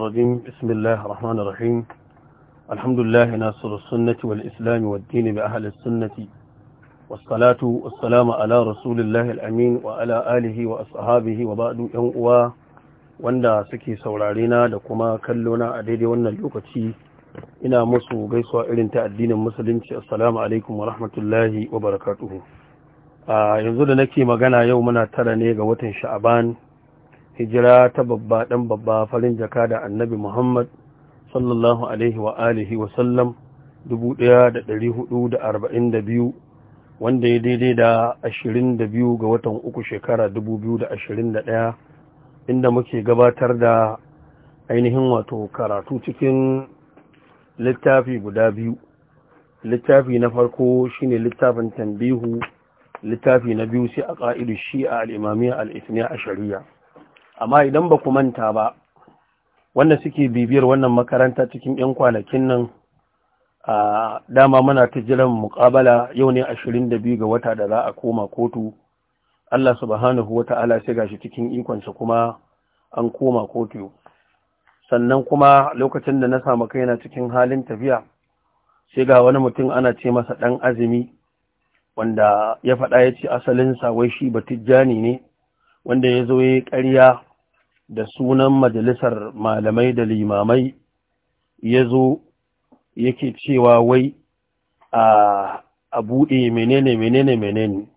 الرجيم بسم الله الرحمن الرحيم الحمد لله ناصر السنة والإسلام والدين بأهل السنة والصلاة والسلام على wa الله الأمين وعلى آله وأصحابه وبعد ينقوى wanda suke saurare na da kuma kallo na a daidai wannan lokaci ina musu gaisuwa irin ta addinin musulunci assalamu alaikum wa rahmatullahi wa barakatuhu a yanzu da nake magana yau muna tara ne ga watan sha'aban hijira ta babba dan babba farin jaka da annabi Muhammad sallallahu alaihi wa alihi wa sallam 1442 wanda ya daidai da 22 ga watan uku shekara 2021 inda muke gabatar da ainihin wato karatu cikin littafi guda biyu littafi na farko shine littafin tambihu littafi na biyu sai a ka'idu shi a al'imamiyya al'itiniya a shari'a amma idan ba ku manta ba wanda suke bibiyar wannan makaranta cikin 'yan kwanakin nan a dama muna ta jiran muƙabala yau ne ashirin da biyu ga wata da za a koma kotu Allah subhanahu wa ta'ala sai gashi cikin ikonsa kuma an koma kotu sannan kuma lokacin da na samu kaina cikin halin tafiya sai ga wani mutum ana ce masa ɗan azumi wanda ya faɗa ya ce asalinsa wai shi batijjani ne wanda ya zo ya yi ƙarya da sunan majalisar malamai da limamai ya zo yake cewa wai a buɗe menene menene menene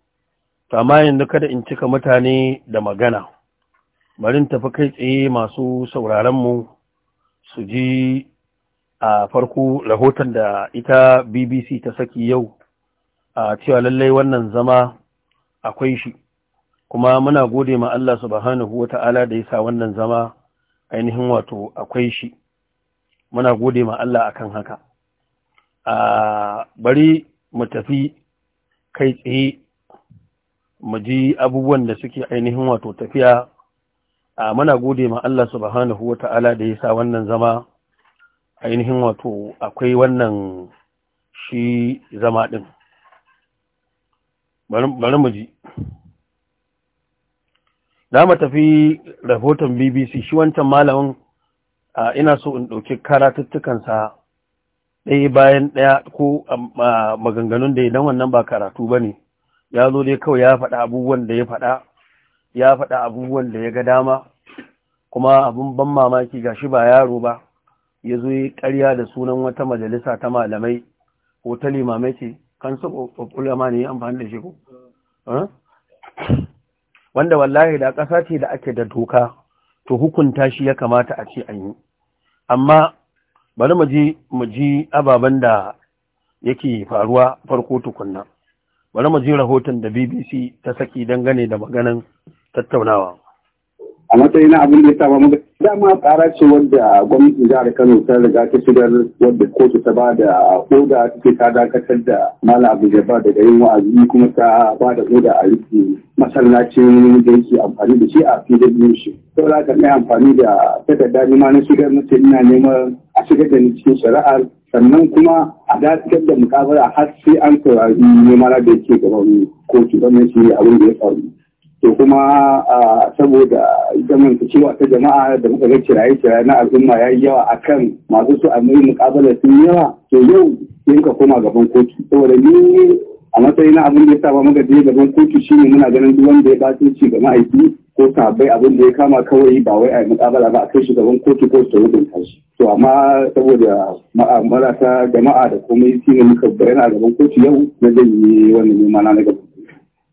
amma yanzu kada in cika mutane da magana barin tafi kai tsaye masu sauraronmu su ji a farko rahoton da ita bbc ta saki yau a cewa lallai wannan zama akwai shi kuma muna gode ma Allah subhanahu wa ta'ala da ya sa wannan zama ainihin wato akwai shi muna gode ma Allah akan haka a bari mu tafi kai tsaye mu ji abubuwan da suke ainihin wato tafiya a muna gode ma Allah subhanahu wa ta'ala da ya sa wannan zama ainihin wato akwai wannan shi zama din. bari mu ji za mu tafi rahoton bbc shi wancan malamin ina so in ɗauki karatuttukansa ɗaya bayan ɗaya ko maganganun da idan wannan ba karatu ba ne ya zo dai kawai ya faɗa abubuwan da ya faɗa ya faɗa abubuwan da ya ga dama kuma abin ban mamaki ga shi ba yaro ba ya zo ƙarya da sunan wata majalisa ta malamai ko ta limamai ce kan su ƙulama ne amfani da shi ko wanda wallahi da ƙasa ce da ake da doka to hukunta shi ya kamata a ce an yi amma bari mu ji mu ji ababen da yake faruwa farko tukunna bari mu ji rahoton da BBC ta saki dangane da maganan tattaunawa a matsayin na abin da ya saba muka dama tsara ce wadda gwamnatin jihar Kano ta riga ta shigar wadda kotu ta ba da oda take ta dakatar da Malam Abu ba daga yin wa'azi kuma ta ba da oda a rike masallacin da yake amfani da shi a filin shi. za ka amfani da takarda ni ma na shigar na ina neman a shigar da ni cikin shari'ar sannan kuma a dakatar da mukabara har sai an saurari neman da yake gaban kotu don shi abin da ya faru. to kuma saboda cewa ta jama'a da muka ga kiraye-kiraye na al'umma ya yi yawa akan masu su amuri mukabala sun yawa to yau yanka koma gaban kotu saboda ni a matsayin abin da ya saba muka je gaban kotu shi ne muna ganin duk wanda ya basu ci ga ma'aiki ko sabai abin da ya kama kawai ba wai a yi mukabala ba a kai shi gaban kotu ko su rubuta shi to amma saboda marasa jama'a da komai shine muka bayyana a gaban kotu yau na zan yi wannan neman na gaban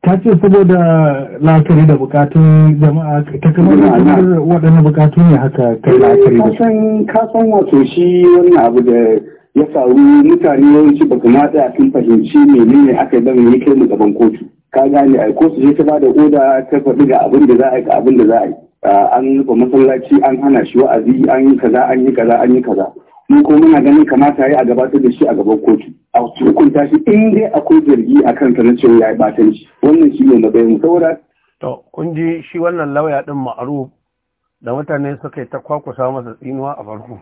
ta ce saboda la'akari da bukatun jama'a ta da kamar waɗannan bukatu ne haka kai eh, la'akari da su. kasan wato shi wannan abu da ya faru mutane yawanci ba a sun fahimci menene aka yi bane ya kai mu gaban kotu ka gane a kotu su je ta bada oda ta faɗi ga abin da za a yi ga abin da za a yi ah, an rufe masallaci an hana shi wa'azi an yi kaza an yi kaza an yi kaza mu ko muna ganin kamata ya a gabatar da shi a gaban kotu a hukunta shi in dai akwai zargi a kansa na cewa ya yi batanci wannan shi ne na bayan saura. to kun ji shi wannan lauya din maaru da mutane suka yi ta kwakusa masa tsinuwa a farko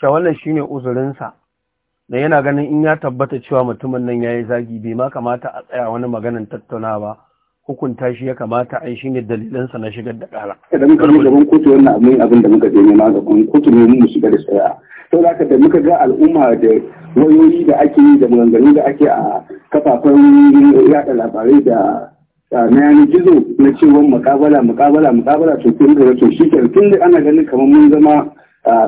Sha wannan shine uzurinsa da yana ganin in ya tabbata cewa mutumin nan ya yi zagi bai ma kamata a tsaya wani maganin tattauna ba hukunta shi ya kamata a yi shi ne dalilansa na shigar da ƙara. Idan ka zama gaban kotu wannan abin abin da muka je nema gaban kotu ne mu shiga da shari'a. Sau da aka da muka ga al'umma da wayoyi da ake yi da maganganu da ake a kafafen yada labarai da na yanar gizo na cewa mukabala mukabala mukabala to kun ga to shi tun da ana ganin kamar mun zama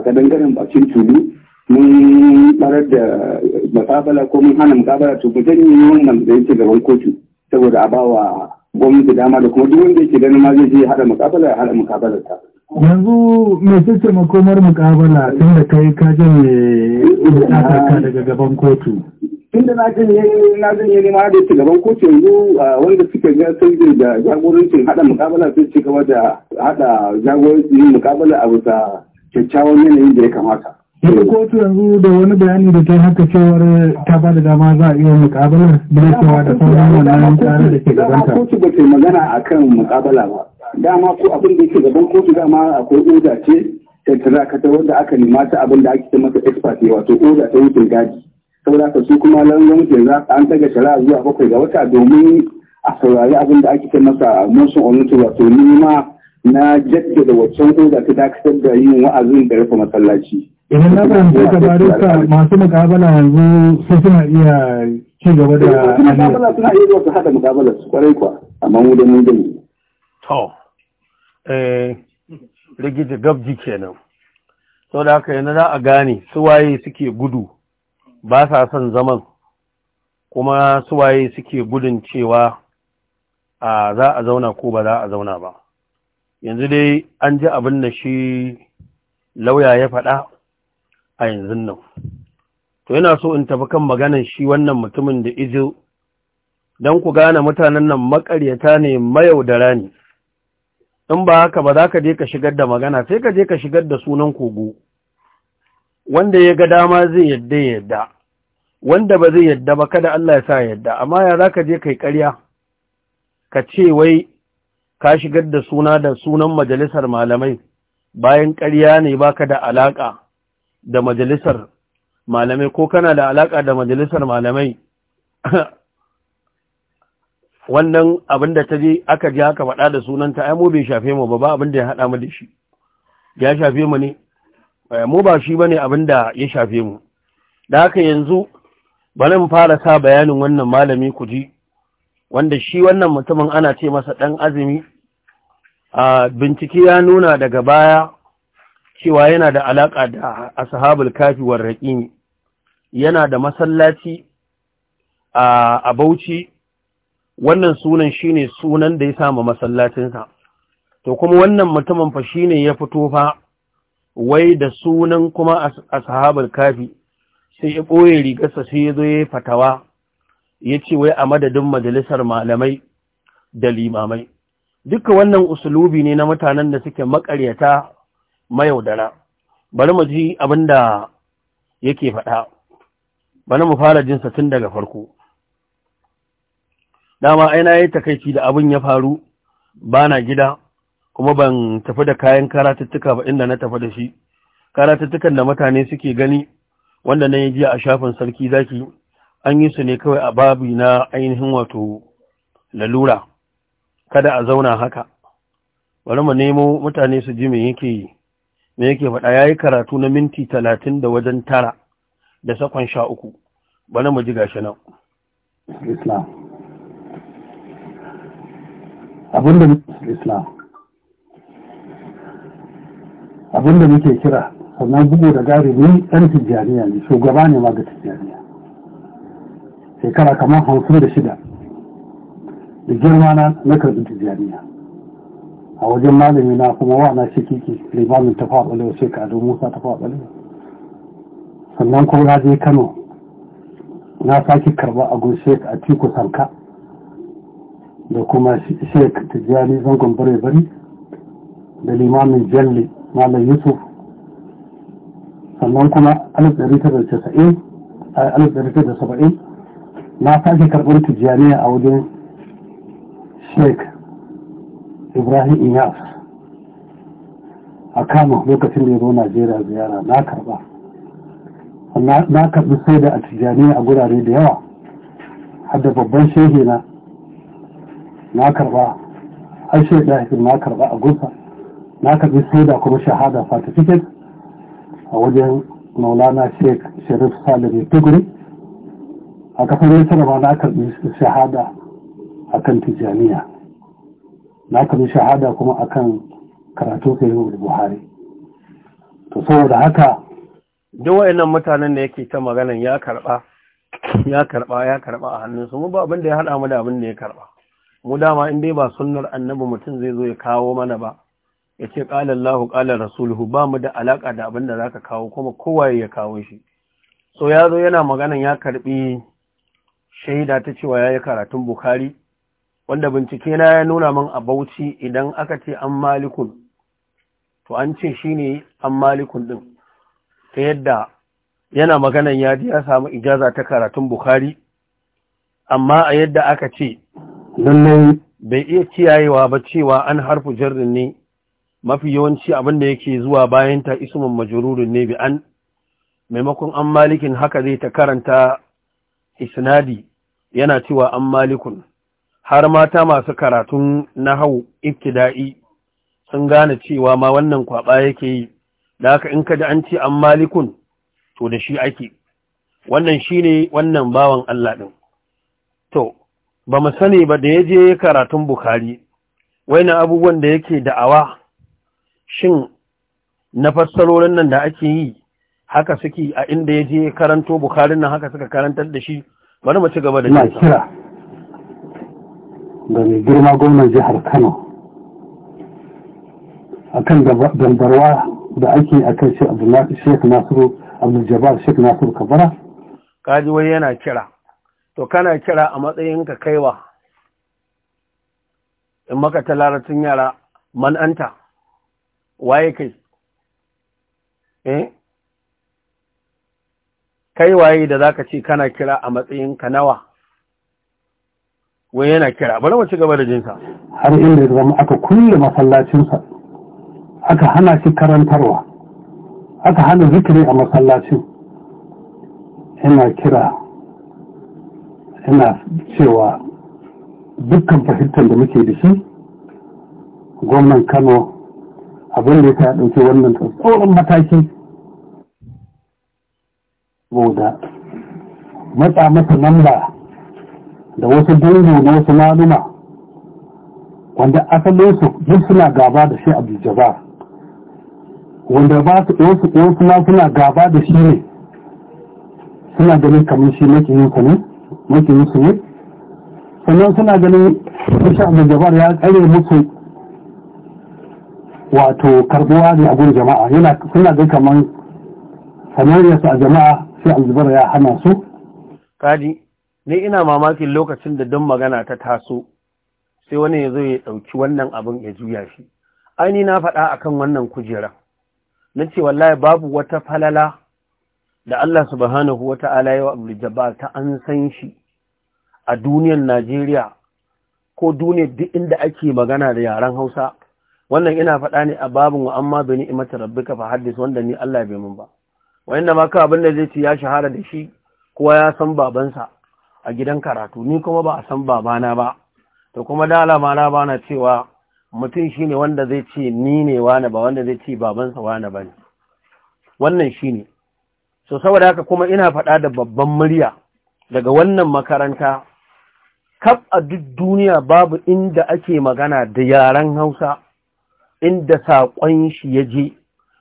kadangaren bakin tulu mun barar da mukabala ko mun hana mukabala to mu janye wannan da yake gaban kotu saboda a bawa gwamnati dama da kuma duk wanda yake ganin ma zai je ya haɗa mukabala ya haɗa mukabala ta. yanzu mai ce makomar mukabala tun da kai ka janye ka daga gaban kotu. tun da na janye na janye ne ma da yake gaban kotu yanzu wanda suka ga sun da jagorancin haɗa mukabala sun ci gaba da haɗa jagorancin mukabala a bisa kyakkyawan yanayin da ya kamata. yadda kotu yanzu da wani bayani da ta haka cewar ta ba da dama za a iya mukabalar cewa da sauran wannan tsarin da ke gabanta. kotu ba ta magana a kan mukabala ba dama ko abin da ke gaban kotu dama akwai oda ce ta wanda aka nema ta abin da ake masa expert ne wato oda ta wucin gadi saboda ka su kuma langon ke za an daga shara zuwa bakwai ga wata domin a saurari abin da ake masa motion on wato nema na jaddada waccan oda ta dakatar da yin wa'azin da rufe masallaci. idan na fahimci ka barista masu mukabala yanzu sai suna iya ci gaba da mukabala suna da eh, gabji kenan to da haka yanzu za a gane suwaye waye suke gudu ba sa son zaman kuma su suke gudun cewa a za a zauna ko ba za a zauna ba yanzu dai an ji abin da shi lauya ya faɗa a yanzun nan to yana so in tafi kan maganan shi wannan mutumin da izo don ku gane mutanen nan makaryata ne mayaudara ne in ba haka ba za ka je ka shigar da magana sai ka je ka shigar da sunan kogo wanda ya ga dama zai yadda yadda wanda ba zai yadda ba kada Allah ya sa yadda amma ya za ka je kai karya ka ce wai ka shigar da suna da sunan majalisar malamai bayan karya ne ba ka da alaƙa da majalisar malamai ko kana da alaka da majalisar malamai wannan abin da ta je aka ji aka faɗa da sunanta ai mu bai shafe mu ba ba abin da ya haɗa mu da shi ya shafe mu ne eh, mu ba shi bane abin da ya shafe mu da haka yanzu bari mu fara sa bayanin wannan malami ku ji wanda shi wannan mutumin ana ce masa ɗan azumi a ah, bincike ya nuna daga baya cewa yana da alaƙa da ashabul kafi warraƙini yana da masallaci a Bauchi wannan sunan shine sunan da ya samu masallacinsa to kuma wannan mutumin fa shine ya fito fa wai da sunan kuma ashabul kafi sai ya boye rigarsa sai ya zo ya fatawa ya ce wai a madadin majalisar malamai da limamai duka wannan usulubi ne na mutanen da suke makaryata mayaudara bari mu ji abin da yake faɗa bari mu fara jinsa tun daga farko dama aina yi takaici da abin ya faru ba na gida kuma ban tafi da kayan karatuttuka ba inda na tafi da shi karatuttukan da mutane suke gani wanda na yi jiya a shafin sarki zaki an yi su ne kawai a babi na ainihin wato lalura kada a zauna haka bari mu nemo mutane su ji me yake yi me yake faɗa ya yi karatu na minti talatin da wajen tara da sakon sha uku bana mu ji gashi nan Abin abinda muke kira sannan bugu da gari ne ɗan tijjaniya ne shugaba ne ma ga tijjaniya shekara kamar hamsin da shida da girma na na karɓi tijjaniya a wajen malami na kuma wa na shikiki limamin ta faɓalewa sai ka musa ta faɓalewa sannan kuma na je kano na sake karba a gun sheik a tiku sanka da kuma sheik tijjani zangon bare bari da limamin jalli malam yusuf sannan kuma 1970 na sake karɓar tijjani a wajen shek. ibrahim iyas a kama lokacin da ya zo najeriya ziyara na karba na karbi sai da a tijjani a gurare da yawa hadda babban shehi na na karba har shaida na karba a gusa na karbi sai da kuma shahada certificate a wajen maulana sheik sharif salim tuguri a kafin nasarar ma na karbi shahada a kan tijjaniya na ka shahada kuma akan karatu ka yi buhari to saboda haka duk wayannan mutanen da yake ta maganan ya karba ya karba ya karba a hannunsu mu ba abin da ya hada mu da abin da ya karba mu dama in dai ba sunnar annabi mutum zai zo ya kawo mana ba ya ce qala lahu ƙalar rasuluhu ba mu da alaka da abin da zaka kawo kuma kowa ya kawo shi so ya zo yana maganan ya karbi shaida ta cewa ya yi karatun bukhari wanda bincike na ya nuna min a bauchi idan aka ce an malikun to an ce shi ne an malikun din ta yadda yana maganan ya ji ya samu ijaza ta karatun Bukhari, amma a yadda aka ce lallai bai iya kiyayewa ba cewa an harfu jarrin ne mafi yawanci abin da yake zuwa bayan ta ismin majururin ne bi an maimakon an malikin haka zai ta karanta isnadi yana cewa an malikun har mata masu karatun nahau ibtida'i sun gane cewa ma wannan kwaba yake yi da haka in ka ji an ce an malikun to da shi ake wannan shi ne wannan bawan Allah ɗin. to ba mu sani ba da ya je karatun bukhari waina abubuwan da yake da'awa shin na fassarorin nan da ake yi haka suke a inda ya je karanto bukhari nan haka suka karantar da shi bari mu ci gaba da shi da mai girma gwamnan jihar kano akan dambarwa da ake akan shek nasiru abdul shek nasiru kabara kaji wai yana kira to kana kira a matsayin ka kaiwa in maka talaratin yara man'anta waye kai eh kai waye da zaka ce kana kira a matsayin ka nawa wai yana kira bari mu ci gaba da jinsa har inda ya zama aka kulle masallacinsa aka hana shi karantarwa aka hana zikiri a masallacin ina kira ina cewa dukkan fahimtar da muke da shi gwamnan kano abin da ya ɗauki wannan tsoron mataki boda matsa masa nan ba da wasu dangi da wasu maluma wanda asalinsu duk suna gaba da shi abu jabar wanda ba su wasu wasu ma suna gaba da shi ne suna ganin kamar shi makiyin sa ne su ne sannan suna ganin shi abu jabar ya tsare musu wato karbuwa ne a gurin jama'a yana suna ga kamar samariyarsu a jama'a sai abu jabar ya hana su kadi ni ina mamakin lokacin da don magana ta taso sai wani ya zo ya ɗauki wannan abin ya juya shi aini na faɗa akan wannan kujera na ce wallahi babu wata falala da Allah subhanahu wa ta'ala yawa abu ta an san shi a duniyar Najeriya ko duniyar duk inda ake magana da yaren Hausa wannan ina faɗa ne a babin wa amma bi ni'imati rabbika fa haddis wanda ni Allah bai mun ba wanda ma ka abin da zai ci ya shahara da shi kowa ya san babansa a gidan karatu ni kuma ba a san babana ba to kuma da alamana bana cewa mutum shi ne wanda zai ce ni ne wane ba wanda zai ce babansa wane ba ne wannan shi ne so saboda haka kuma ina faɗa da babban murya daga wannan makaranta kaf a duk duniya babu inda ake magana da yaren hausa inda saƙon shi ya je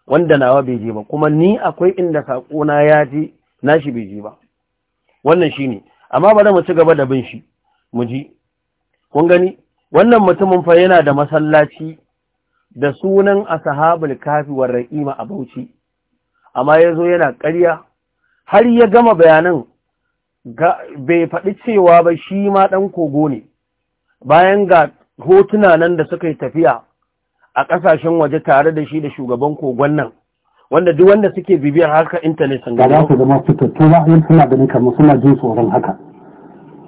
wanda nawa bai je ba kuma ni akwai inda saƙona ya je na shi bai je ba wannan shi ne amma ba mu ci gaba da bin shi mu ji kun gani wannan mutumin fa yana da masallaci da sunan ashabul kafi war raqima a Bauchi amma yazo yana ƙarya har ya gama bayanan bai faɗi cewa ba shi ma ɗan kogo ne bayan ga hotuna nan da suka yi tafiya a ƙasashen waje tare da shi da shugaban kogon nan wanda duk wanda suke bibiyar haka intanet sun gaba su zama fitattu ba yin suna ganin kamar suna jin tsoron haka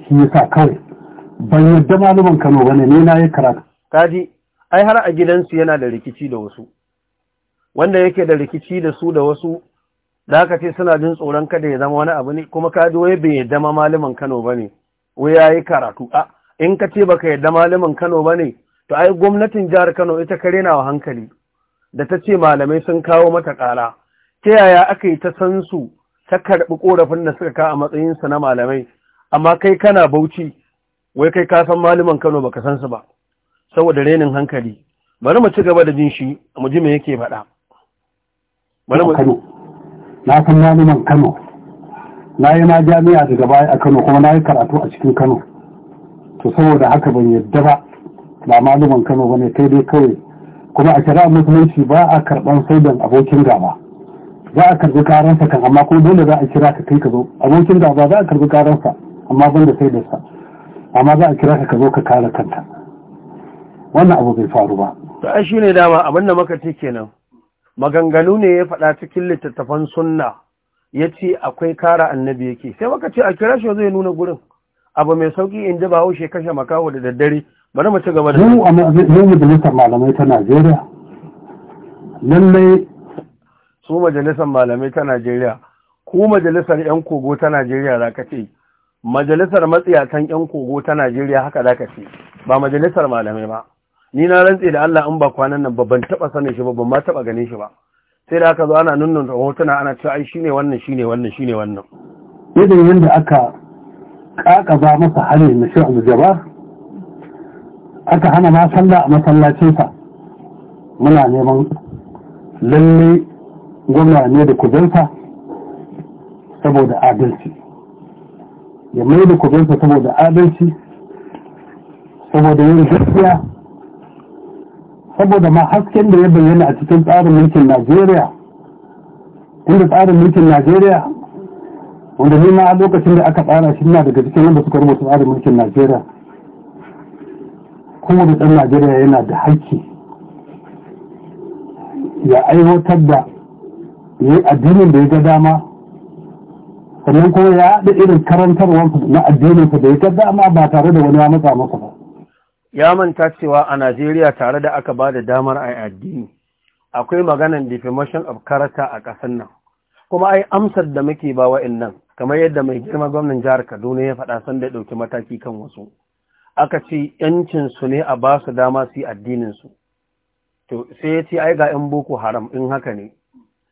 shi yasa kawai ban yarda malaman Kano wani ne na yi karatu kaji ai har a gidansu yana da rikici da wasu wanda yake da rikici da su da wasu da aka ce suna jin tsoron kada ya zama wani abu ne kuma kaji wai bai yarda ma malaman Kano ne wai yi karatu a in ka ce baka yarda malaman Kano ba ne? to ai gwamnatin jihar Kano ita kare na hankali da ta ce malamai sun kawo mata ƙara ta yaya aka yi ta san su ta karɓi ƙorafin da suka ka a matsayinsa na malamai amma kai kana bauchi wai kai ka san malaman Kano baka san su ba saboda renin hankali bari mu ci gaba da jin shi mu ji me yake faɗa bari mu na san malaman Kano na yi ma jami'a daga baya a Kano kuma na yi karatu a cikin Kano to saboda haka ban yadda ba ba malaman Kano ba ne kai dai kawai kuma a shari'ar musulunci ba a karɓar saidan abokin gaba za a karɓi karansa kan amma kuma dole za a kira ka kai ka zo abokin gaba za a karɓi karansa amma ban da saudansa amma za a kira ka ka zo ka kare kanta wannan abu bai faru ba to ai shine dama abin da muka ce kenan maganganu ne ya faɗa cikin littattafan sunna ya ce akwai kara annabi yake sai muka ce a kira shi zai nuna gurin abu mai sauki in ji shi kashe makaho da daddare bari mu ci gaba da mu a majalisar malamai ta Najeriya lallai su majalisar malamai ta Najeriya ko majalisar yan kogo ta Najeriya za ka ce majalisar matsiyatan yan kogo ta Najeriya haka za ka ce ba majalisar malamai ba ni na rantse da Allah in ba kwanan nan ban taba sanin shi ba ban ma taba ganin shi ba sai da aka zo ana nunnun hotuna ana cewa ai shine wannan shine wannan shine wannan idan yanda aka kakaba masa hali na shi'u jabar aka hana ma sallah a masallacinsa muna neman lalle gwamna ne da kudansa saboda adalci ya mai da kudansa saboda adalci saboda yin gaskiya saboda ma hasken da ya bayyana a cikin tsarin mulkin najeriya inda tsarin mulkin najeriya wanda ne ma a lokacin da aka tsara shi na daga cikin wanda suka rubuta tsarin mulkin najeriya kowane ɗan najeriya yana da haƙƙi ya aiwatar da ya addinin da ya ga dama sannan kuma ya haɗa irin karantarwa na addinin da ya ga dama ba tare da wani ya matsa masa ba ya manta cewa a najeriya tare da aka ba da damar a addini akwai maganan defamation of character a ƙasar nan kuma ai amsar da muke ba wa'in nan kamar yadda mai girma gwamnan jihar kaduna ya faɗa sanda ya ɗauki mataki kan wasu aka ce ‘yancinsu ne a ba su dama su yi addininsu, to sai ya ce ai ga ‘yan boko haram in haka ne,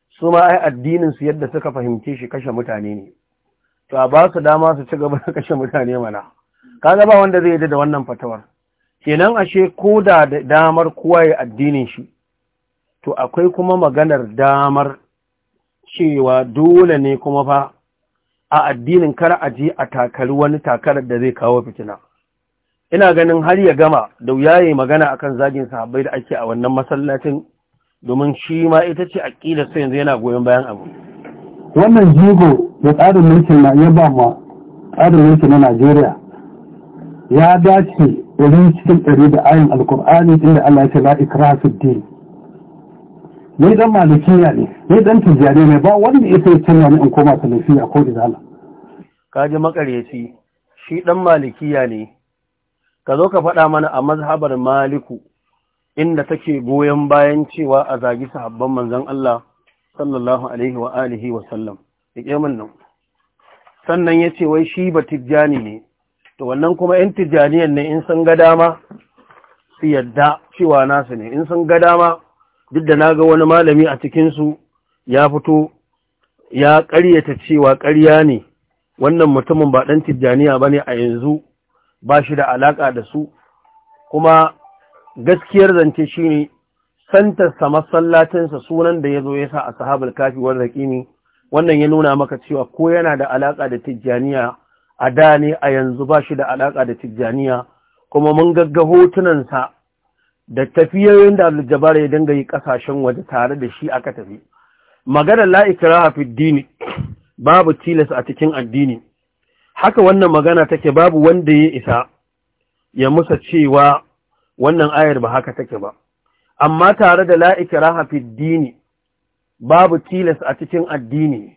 su ma ai addininsu yadda suka fahimce shi kashe mutane ne, to a ba su dama su ci gaba da kashe mutane mana, ka ba wanda zai yi da wannan fatawar. Kenan ashe ko da damar kowa ya addinin shi, to akwai kuma maganar damar cewa dole ne kuma fa a addinin kar a je a takari wani takarar da zai kawo fitina. ina ganin har ya gama da wuya yayi magana akan zagin sahabbai da ake a wannan masallacin domin shi ma ita ce aqida sai yanzu yana goyon bayan abu wannan jigo da tsarin mulkin na ya ba ma tsarin mulkin na Najeriya ya dace wurin cikin ɗari da ayin alkur'ani inda Allah ya ce la ikra fi din ni dan malikiya ne ni dan tijjani ne ba wanda ya sai canza ni in koma salafiya ko izala kaje makareci shi dan malikiya ne ka zo ka faɗa mana a mazhabar maliku inda take goyon bayan cewa a zagi sahabban manzan Allah sallallahu alaihi wa alihi wa sallam yake min nan sannan yace wai shi ba tijjani ne to wannan kuma yan tijjaniyan ne in sun ga dama su yadda cewa nasu ne in sun ga dama duk da naga wani malami a cikin su ya fito ya ƙaryata cewa ƙarya ne wannan mutumin ba ɗan tijjaniya bane a yanzu ba shi da alaƙa da su kuma gaskiyar zance shi ne santarsa masallacinsa sunan da ya zo ya sa a sahabar kafi wanda ƙini wannan ya nuna maka cewa ko yana da alaƙa da tijjaniya a da ne a yanzu ba shi da alaƙa da tijjaniya kuma mun gagga hotunansa da tafiyoyin da aljabar ya dinga yi ƙasashen waje tare da shi aka tafi maganar la'ikira hafi dini babu tilas a cikin addini haka wannan magana take babu wanda ya isa ya musa cewa wannan ayar ba haka take ba amma tare da la'ikiraha fi dini babu tilas a cikin addini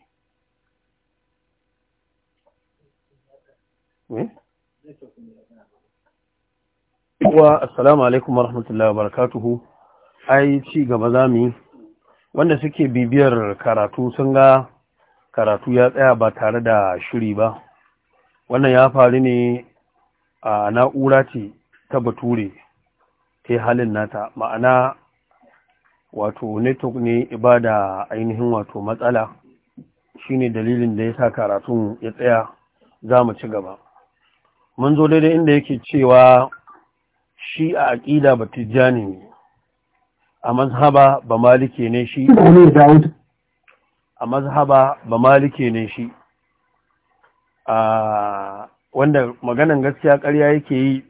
wa assalamu alaikum wa rahmatullahi wa barakatuhu ai ci gaba zamu wanda suke bibiyar karatu sun ga karatu ya tsaya ba tare da shiri ba wannan ya faru ne a na'ura ce ta bature ta halin nata ma'ana wato network ne ibada ainihin wato matsala shine dalilin da ya sa karatun ya tsaya za mu ci gaba mun zo daidai inda yake cewa shi a aƙida ba tijjani ne a mazhaba ba malike ne shi a mazhaba ba malike ne shi Ah, wanda maganan gaskiya ƙarya yake yi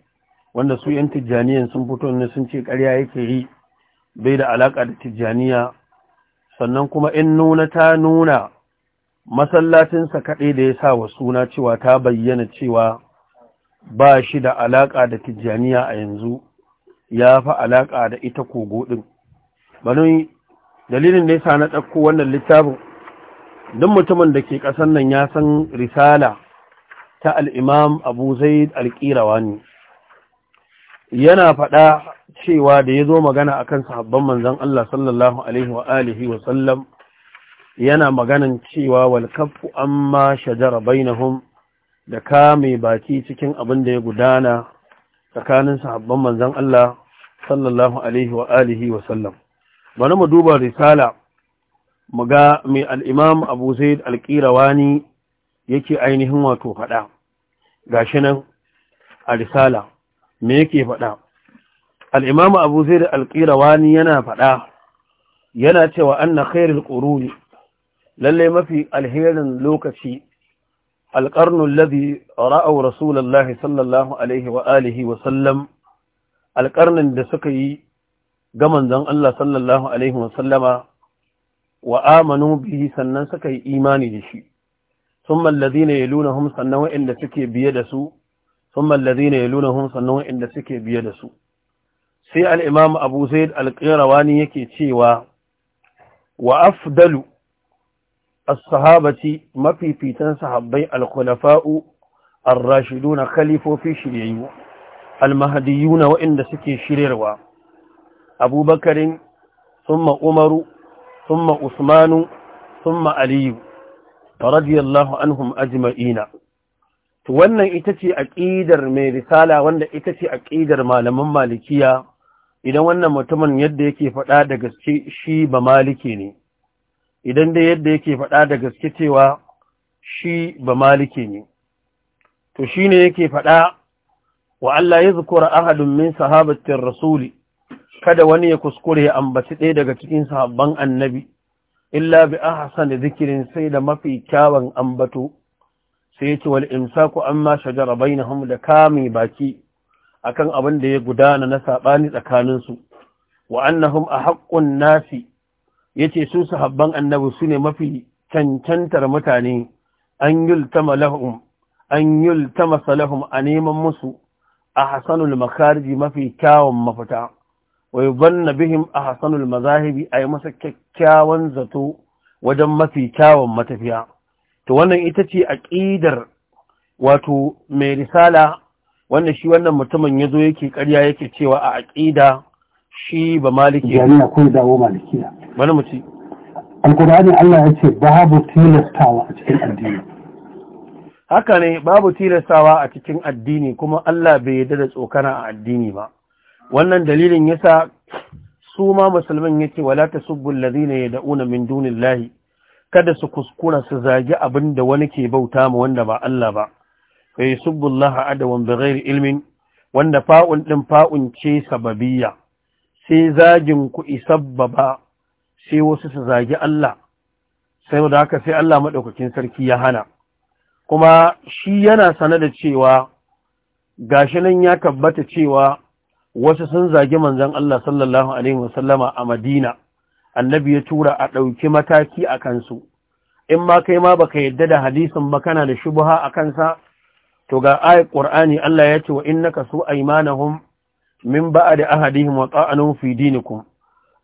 wanda su 'yan tijjaniyan sun fito ne sun ce ƙarya yake yi bai da alaƙa da tijjaniya sannan kuma in nuna ta nuna masallacinsa kaɗai da ya sa wa suna cewa ta bayyana cewa ba shi da alaƙa da tijjaniya a yanzu ya fi alaƙa da ita kogo ɗin. banin dalilin da ya sa na ɗauko wannan littafin, don mutumin da ke ƙasan nan ya san risala ta al'imam abu zaid alƙirawani yana faɗa cewa da ya zo magana akan sahabban manzan Allah sallallahu Alaihi yana maganan cewa walkafu ma shajara bainahum da kame baki cikin abin da ya gudana tsakanin sahabban manzan Allah sallallahu Alaihi Bari mu duba risala mu ga mai al'imam Abu alƙirawani yake ainihin wato faɗa. gashi nan a risala me yake faɗa al'imamu abu zai da alƙirawani yana faɗa yana cewa an na khairul ƙuruni lallai mafi alherin lokaci alƙarnun lazi ra'au rasulallah sallallahu alaihi wa alihi wa sallam alƙarnin da suka yi ga manzon Allah sallallahu alaihi wa sallama wa amanu bihi sannan suka yi imani da shi ثم الذين يلونهم sannan wa'inda suke biye da su ثم الذين يلونهم sannan wa'inda suke biye da su sai al-imam Abu Zaid yake cewa wa afdalu as-sahabati mafifitan sahabbai al-khulafa'u ar-rashiduna khalifofi shiryayyu al-mahdiyuna wa'inda suke shiryarwa Abu Bakarin thumma Umaru thumma Usmanu thumma Aliyu radiyallahu anhum ajma'ina to wannan ita ce aqidar mai risala wanda ita ce aqidar malaman malikiya idan wannan mutumin yadda yake faɗa da gaske shi ba maliki ne idan dai yadda yake faɗa da gaske cewa shi ba maliki ne to shine yake faɗa wa Allah ya zukura ahadun min sahabacin rasuli kada wani ya kuskure ya ambaci ɗaya daga cikin sahabban annabi illa bi ahsan dhikrin sai da mafi kyawun ambato sai yace wal imsaku amma shajara bainahum da kami baki akan abin da ya gudana na sabani tsakanin su wa annahum ahqqun nasi yace su sahabban annabi sune mafi cancantar mutane an yultama lahum an yultama salahum a neman musu ahsanul makariji mafi kyawun mafita wa yubanna bihim ahsanul mazahibi ay masa kyakkyawan zato wajen mafi kyawun matafiya to wannan ita ce aqidar wato mai risala wanda shi wannan mutumin yazo yake ƙarya yake cewa a aqida shi ba maliki jami'a ko dawo malikiya bana mu ci alqur'ani Allah ya ce babu tilastawa a cikin addini haka ne babu tilastawa a cikin addini kuma Allah bai yarda da tsokana a addini ba wannan dalilin yasa su ma musulmin yake wala tasubbu alladhina yad'una min dunillahi kada su kuskura su zagi abin da wani ke bauta wa wanda ba Allah ba fa yasubbu Allah adawan bighairi ilmin wanda fa'un din fa'un ce sababiyya sai zagin ku isabbaba sai wasu su zagi Allah sai da haka sai Allah madaukakin sarki ya hana kuma shi yana sanar da cewa gashi nan ya tabbata cewa wasu sun zagi manzan Allah sallallahu alaihi wasallama a Madina annabi ya tura a ɗauki mataki a kansu in ma kai ma baka yadda da hadisin ba kana da shubha a kansa to ga ayi ƙur'ani Allah ya ce wa innaka su aymanahum min da ahadihim wa ta'anu fi dinikum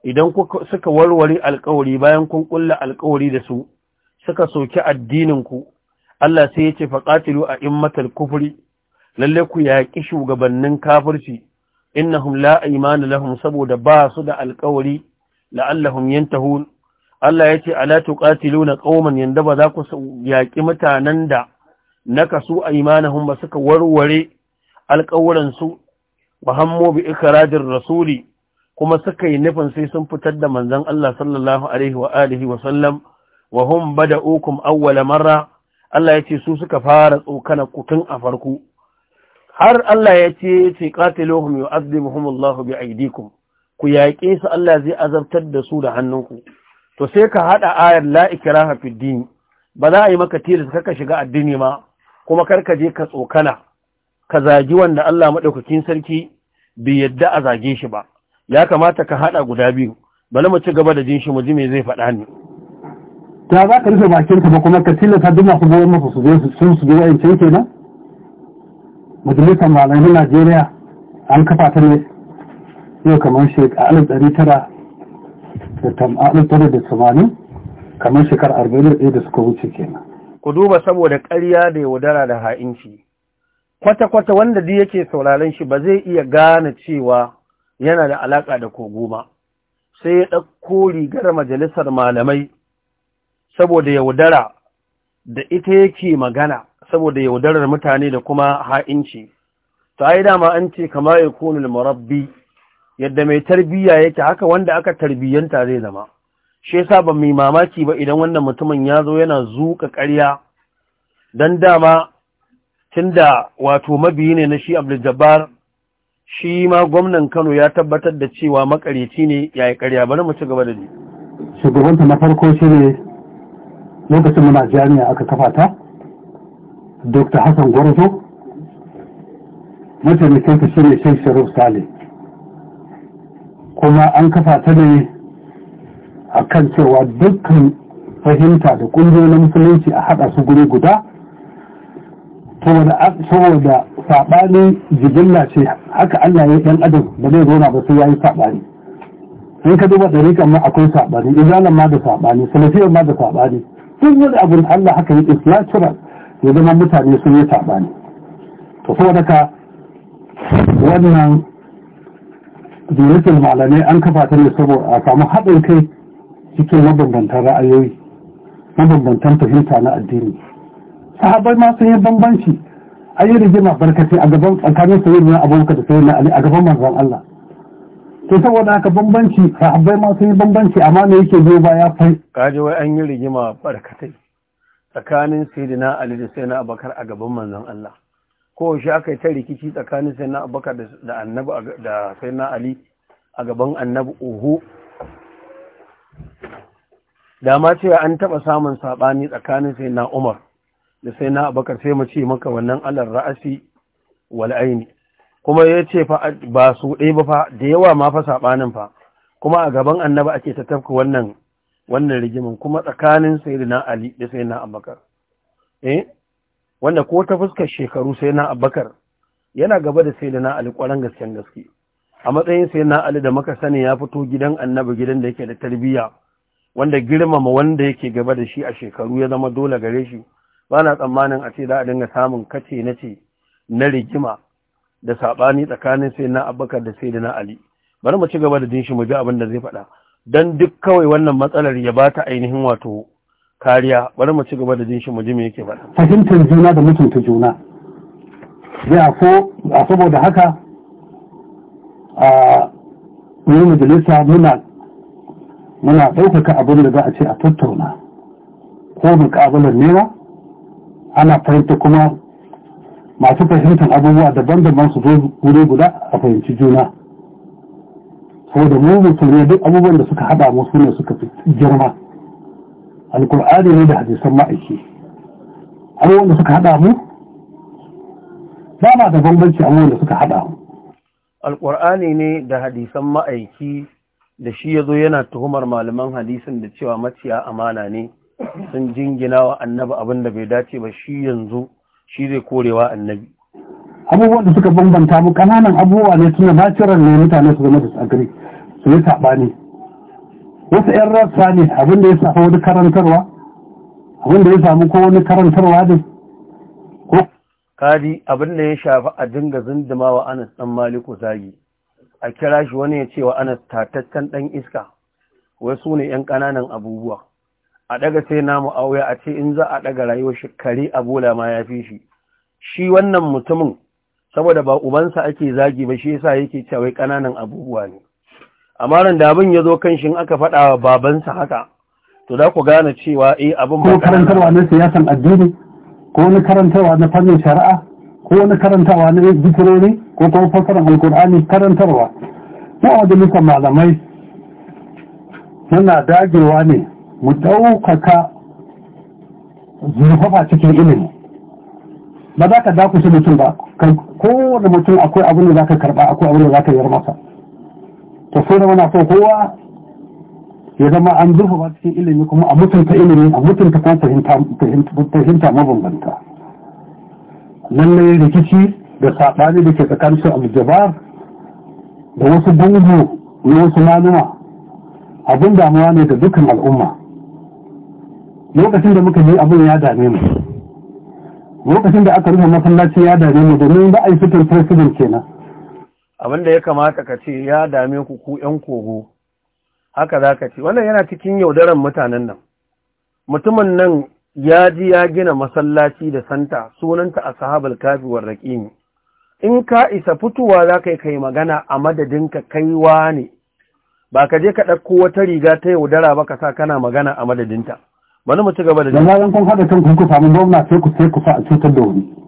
idan kuka suka warware alƙawari bayan kun kulla alkawari da su suka soki addininku. Allah sai ya ce faqatilu a immatal kufuri, lallai ku yaƙi shugabannin kafirci innahum la imanu lahum saboda ba su da alƙawari la'allahum yantahun Allah ya ce ala tuqatiluna qauman yanda ba za ku yaƙi mutanen da nakasu imanahum ba suka warware alƙawuran su wa hammu bi rasuli kuma suka yi nufin sai sun fitar da manzon Allah sallallahu alaihi wa alihi wa sallam wa hum bada'ukum awwala marra Allah ya ce su suka fara tsokana kutun a farko har Allah ya ce ce qatiluhum yu'adhibuhum Allah bi aydikum ku yaƙe su Allah zai azabtar da su da hannunku to sai ka hada ayar la ikraha fid din ba za a yi maka tilas ka shiga addini ma kuma ka je ka tsokana ka zagi wanda Allah madaukakin sarki bai yadda a zage shi ba ya kamata ka hada guda biyu bala mu ci gaba da jin shi mu ji me zai faɗa ni ta za ka rufe bakinka ba kuma ka tilasta duk masu goyon masu su zo su su zo wa'in kenan majalisar na najeriya an kafa ta ne yau kamar shekarar alif kamar shekarar arba'in da suka wuce kenan ku duba saboda ƙarya da yaudara da ha'inci kwata-kwata wanda duk yake sauraron shi ba zai iya gane cewa yana da alaƙa da kogo ba sai ya ɗauko rigar majalisar malamai saboda yaudara da ita yake magana saboda yaudarar mutane da kuma ha'inci ta ai dama an ce kama ya kunu marabbi yadda mai tarbiyya yake haka wanda aka tarbiyyanta zai zama shi yasa ba mai mamaki ba idan wannan mutumin ya zo yana zuƙa ƙarya Don dama tunda wato mabiyi ne na shi Abdul shi ma gwamnan Kano ya tabbatar da cewa makareci ne ya yi ƙarya bari mu ci gaba da ni shugabanta na farko shine lokacin muna jami'a aka kafa ta Dr. Hassan Gwarzo, mataimakin ka shirya Sheikh Sharif Saleh. Kuma an kafa ta ne a kan cewa dukkan fahimta da ƙungiyoyin musulunci a haɗa su guri guda, saboda saɓani jibilla ce haka Allah ya ɗan adam ba zai zauna ba sai ya yi saɓani. in ka duba ɗari ma akwai saɓani izalan ma da saɓani salafiyar ma da saɓani duk wani da Allah haka yi is natural ya zama mutane sun yi saɓani to saboda ka wannan jirgin malamai an kafa ta ne saboda a samu haɗin kai cikin mabambantan ra'ayoyi mabambantan fahimta na addini sahabai ma sun yi bambanci an yi rigima barkatai a gaban tsakanin sayi na abubakar da sayi na ali a gaban manzon Allah to saboda haka bambanci sahabai ma sun yi bambanci amma me yake zo baya fai kaji wai an yi rigima barkatai tsakanin sayyidina ali da sayyidina abubakar a gaban manzon Allah ko shi aka yi ta rikici tsakanin sayyidina abubakar da annabi da sayyidina ali a gaban annabi uhu da ma cewa an taɓa samun saɓani tsakanin sai umar da sai Abubakar abakar sai mu ce maka wannan alar ra'asi aini. kuma ya ce ba su dai ba fa da yawa ma fa saɓanin fa kuma a gaban annabi ake tattauna tafka wannan wannan rigimin kuma tsakanin na ali da sai na abubakar eh wanda ko ta fuskar shekaru sai na abubakar yana gaba da na ali kwaran gaskiyan gaske a matsayin na ali da muka sani ya fito gidan annabi gidan da yake da tarbiyya wanda girmama wanda yake gaba da shi a shekaru ya zama dole gare shi ba na tsammanin a ce za a dinga samun kace na ce na rigima da saɓani tsakanin sai na abubakar da sai na ali bari mu ci gaba da jin shi mu ji abin da zai faɗa don duk kawai wannan matsalar ya ba ta ainihin wato kariya bari mu ci gaba da jin mu ji me yake faɗa fahimtar juna da mutunta juna ya ko a saboda haka a mu majalisa muna muna ɗaukaka abin da za a ce a tattauna ko muƙabalar nera ana fahimta kuma masu fahimtar abubuwa daban-daban su zo wuri guda a fahimci juna ko da mu musulmi duk abubuwan da suka haɗa mu ne suka fi girma alkur'ani ne da hadisan ma'aiki abubuwan da suka haɗa mu ba ma da bambanci abubuwan da suka haɗa mu alkur'ani ne da hadisan ma'aiki da shi ya zo yana tuhumar malaman hadisin da cewa maciya amana ne sun jingina wa annabi abin da bai dace ba shi yanzu shi zai korewa annabi abubuwan da suka bambanta mu kananan abubuwa ne suna natural ne mutane su zama da tsagari su yi saɓani wasu 'yan rassa ne abinda ya samu wani karantarwa abinda ya samu ko wani karantarwa ne ko kadi abinda ya shafi a dinga zindima wa anas ɗan maliku zagi a kira shi wani ya ce wa anas tataccen ɗan iska wasu ne 'yan ƙananan abubuwa a ɗaga sai namu auya a ce in za a ɗaga rayuwar shi kare abola ma ya fi shi shi wannan mutumin saboda ba ubansa ake zagi ba shi yasa yake cewa ƙananan abubuwa ne amma ran da abin ya zo kan shi aka faɗa wa babansa haka to za ku gane cewa eh abin ba ko karantarwa na siyasan addini ko wani karantarwa na fannin shari'a ko wani karantarwa na zikirori ko kuma fassarar alkur'ani karantarwa na nisan malamai suna dagewa ne mu ɗaukaka zurfafa cikin ilimi ba za ka dakushe mutum ba kowane mutum akwai abin da za ka karɓa akwai abin da za ka yi masa ta sai da muna son kowa ya zama an zurfafa cikin ilimi kuma a mutunta ilimi a mutunta kuma fahimta mabambanta lallai rikici da saɓani da ke tsakanin su aljabar da wasu dangu na wasu maluma abin damuwa ne da dukkan al'umma lokacin da muka yi abin ya dame mu lokacin da aka rufe masallaci ya dame mu domin ba a yi fitar president kenan abinda ya kamata ka ce ya dame ku ku ‘yan kogo haka za ka ce wannan yana cikin yaudaran mutanen nan mutumin nan ya ji ya gina masallaci da santa sunanta a sahabar kafi warraƙi in ka isa fitowa za ka yi kai magana a madadinka kaiwa ne ba ka je ka ɗauko wata riga ta yaudara ba ka sa kana magana a madadinta bani mu ci gaba da jama'a kun haɗa kan kun ku gwamna sai ku sai ku sa a cutar da wani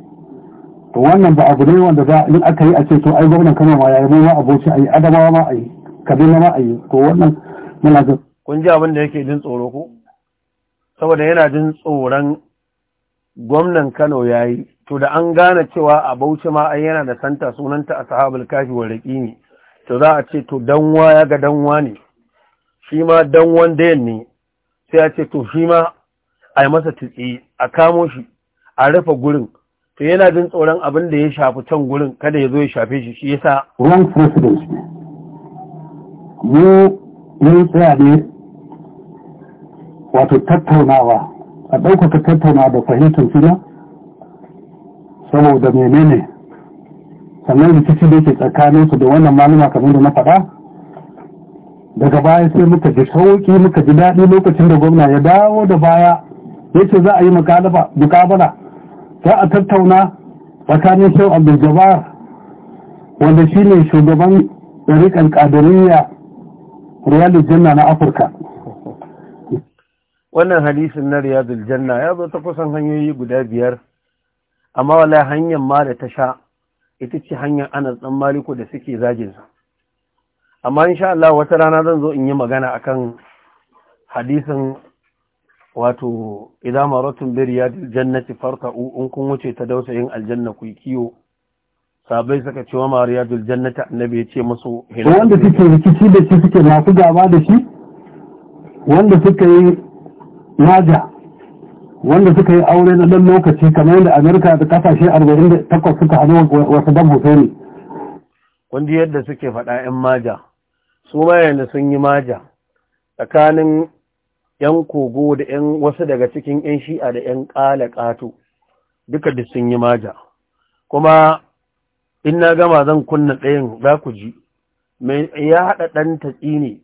to wannan ba abu ne wanda za in aka yi a ce to ai gwamnan Kano ma yayi ma abuci ai adama ma ai Kaduna ma ai to wannan muna ga kun ji abin da yake jin tsoro ko saboda yana jin tsoron gwamnan Kano yayi to da an gane cewa a Bauchi ma ai yana da santa sunanta ashabul kafi wa raqini to za a ce to danwa ya ga danwa ne shi ma danwan dayan ne sai a ce to shi ma a yi masa tutsi a kamo shi a rufe gurin to yana jin tsoron abin da ya shafi can gurin kada ya zo ya shafe shi shi yasa wrong president ne mu mun tsaya ne wato tattaunawa a ɗaukaka tattaunawa da fahimtar juna saboda menene sannan rikici da ke tsakanin su da wannan malama kamar da na faɗa daga baya sai muka ji sauƙi muka ji daɗi lokacin da gwamna ya dawo da baya yace za a yi mukabala za a tattauna tsakanin shan abdul wanda shi ne shugaban ɗariƙar ƙadariya royal janna na afirka wannan hadisin na riyadul janna ya zo ta kusan hanyoyi guda biyar amma wala hanyar ma da ta sha ita ce hanyar anas ɗan maliku da suke zaginsa amma insha Allah wata rana zan zo in yi magana akan hadisin wato idza maratun bi riyadil jannati farta'u in kun wuce ta dausayin aljanna ku kiyo sabai suka ce wa riyadil jannati annabi ya ce musu wanda suke rikici da shi suke masu gaba da shi wanda suka yi naja wanda suka yi aure na dan lokaci kamar yadda Amerika da kasashe 48 suka hano wasu dan ne. wanda yadda suke faɗa 'yan maja su ma yanzu sun yi maja tsakanin ‘yan kogo da ‘yan wasu daga cikin ‘yan shi'a da ‘yan ƙala ƙato, duka da sun yi maja. Kuma in na gama zan kunna ɗayan za ku ji, mai ya haɗa ɗan taƙi ne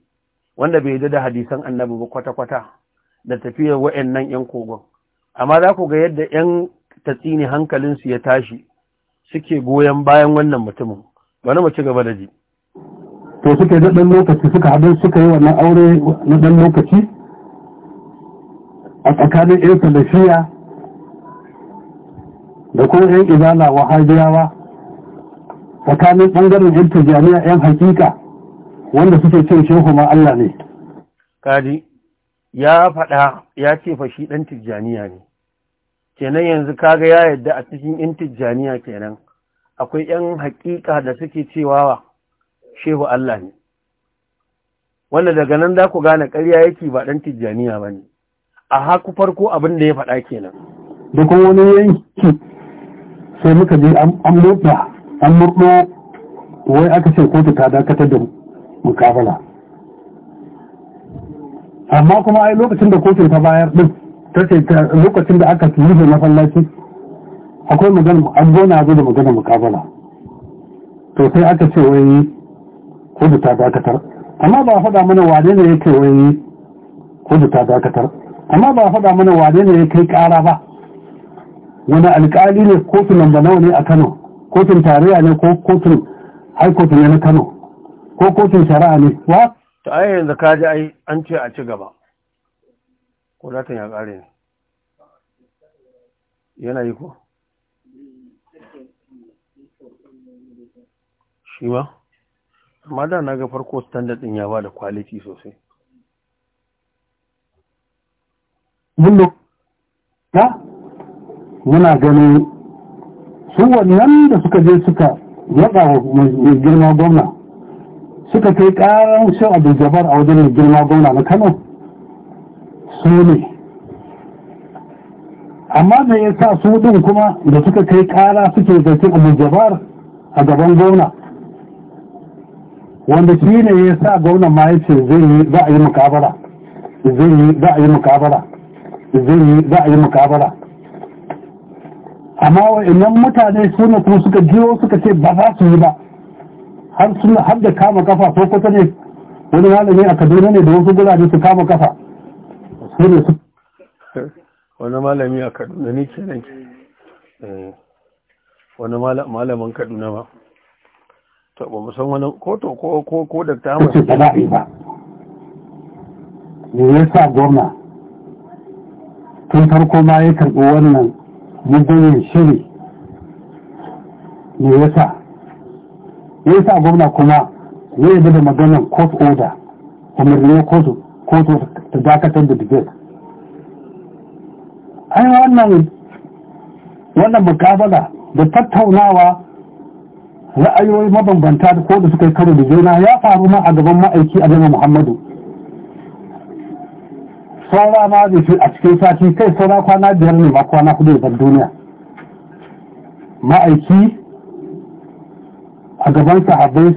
wanda bai da hadisan annabi ba kwata-kwata da tafiyar nan ‘yan kogon. Amma za ku ga yadda ‘yan taƙi ne hankalinsu ya tashi suke goyon bayan wannan mutumin. wani mu ci gaba da ji. To suka yi ɗan lokaci suka haɗu suka yi wannan aure na ɗan lokaci a tsakanin yan salafiya da kuma yan izala wahabiyawa tsakanin ɓangaren yan tijjaniya yan hakika wanda suke cin shehu ma Allah ne kaji ya faɗa ya ce fa shi ɗan tijjaniya ne kenan yanzu kaga ya yadda a cikin yan tijjaniya kenan akwai yan hakika da suke cewa wa shehu Allah ne wanda daga nan za ku gane ƙarya yake ba ɗan tijjaniya ba ne a haku farko abin da ya faɗa kenan da kuma wani yanki sai muka je an murɗa an murɗo wai aka ce kotu ta dakatar da mukabala amma kuma ai lokacin da kotu ta bayar din ta ce lokacin da aka rufe fallaci, akwai magana an gona zo da magana mukabala to sai aka ce wai kotu ta dakatar amma ba faɗa mana wane ne yake wai kotu ta dakatar amma ba faɗa mana wane ne ya kai ƙara ba wani alƙali ne kotun lamba nawa ne a kano kotun tarayya ne ko kotun haikotu ne na kano ko kotun shari'a ne wa ta ai yanzu ka ji ai an ce a ci gaba ko za ta yi ƙari ne yana yi ko shi ba amma da na ga farko standard ɗin ya ba da kwaliti sosai mun muna ganin su wannan da suka je suka yaba wa mai girma gwamna suka kai karan shan abin jabar a wajen mai girma gwamna na kano su ne amma da ya sa su din kuma da suka kai kara suke zargin abu jabar a gaban gwamna wanda shi ne ya sa gwamna ma ya ce za a yi mukabara zai yi za a yi mukabara amma wa'annan mutane suna kuma suka jiyo suka ce ba za su yi ba har suna har da kama kafa ko kusa ne wani malami a kaduna ne da wasu gurabe su kama kafa su wani malami a kaduna ne ke nan eh, wani malamin kaduna ba to ba musan wani ko ko ko ko da ta hama su ba ne yasa gwamna tun farko ma ya karɓi wannan mugun shiri ne sa ya sa gwamna kuma ya yi da maganin court order umarni kotu kotu ta dakatar da debate ai wannan wannan mukabala da tattaunawa ra'ayoyi mabambanta ko da suka yi karo da juna ya faru ma a gaban ma'aiki a jami'ar muhammadu saura ma zai fi a cikin sati kai saura kwana biyar ne ba kwana kudu da duniya ma'aiki a gaban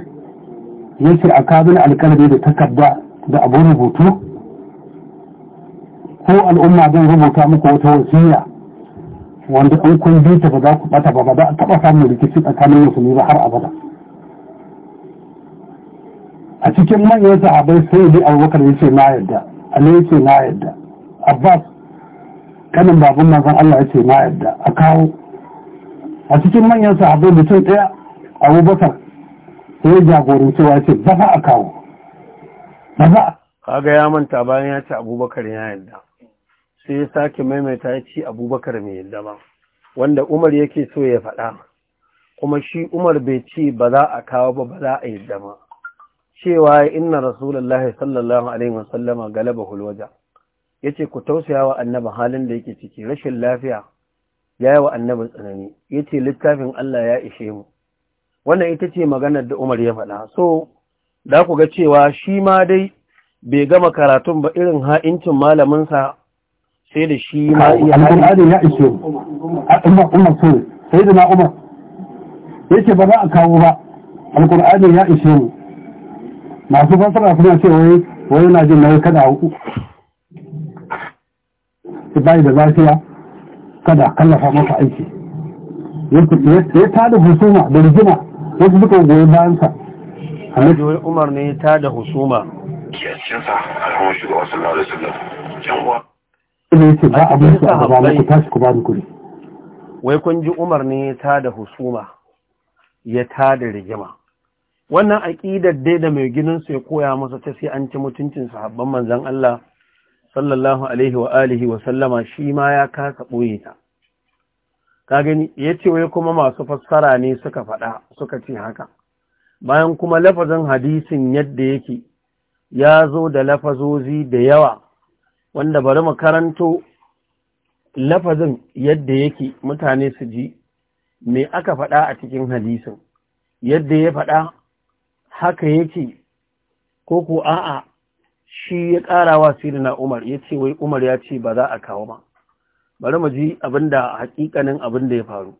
ya ce a kabin alkalami da takarda da abu rubutu ko al'umma zan rubuta muku wata wasiya wanda an kun bi ta ba za ku bata ba ba za a taba samun rikici tsakanin musulmi ba har abada a cikin manyan sahabai sai dai abubakar ya ce na yadda Ali ya ce na yadda Abbas kanin babin mazan Allah ya ce na yadda a kawo a cikin manyan sahabbai mutum ɗaya Abubakar yi jagoranci cewa ce ba za a kawo ba za kaga ya manta bayan ya ce Abubakar ya yadda sai ya sake maimaita ya ce Abubakar mai yadda ba wanda Umar yake so ya faɗa kuma shi Umar bai ce ba za a kawo ba ba za a yadda ba cewa inna rasulullahi sallallahu alaihi wasallama galaba hulwaja yace ku tausaya wa annabi halin da yake ciki rashin lafiya yayi wa annabi tsanani yace littafin Allah ya ishe mu wannan ita ce maganar da Umar ya faɗa so da ku ga cewa shi ma dai bai gama karatun ba irin ha'incin malaminsa sai da shi ma iya haɗin ya ishe umar so sai da na umar yake ba za a kawo ba alƙur'ani ya ishe mu masu fasara suna ce wai wai yana jin nauyi kada ki bai da lafiya kada kallafa maka aiki ya tada husuma da rigima wasu suka goyi bayansa ya Wai kun ji Umar ne ya husuma, ya da rigima. wannan aqidar dai da mai gidansu ya koya masa ta sai an ci mutuncin sahabban manzon Allah sallallahu alaihi wa alihi wa sallama shi ma ya kasa ɓoye ta ka gani yace wai kuma masu fassara ne suka faɗa suka ce haka bayan kuma lafazin hadisin yadda yake ya zo da lafazozi da yawa wanda bari mu karanto lafazin yadda yake mutane su ji me aka faɗa a cikin hadisin yadda ya faɗa haka yake ko ko a'a shi ya ƙara wa sirina Umar ya ce wai Umar ya ce ba za a kawo ba bari mu ji abinda hakikanin abin da ya faru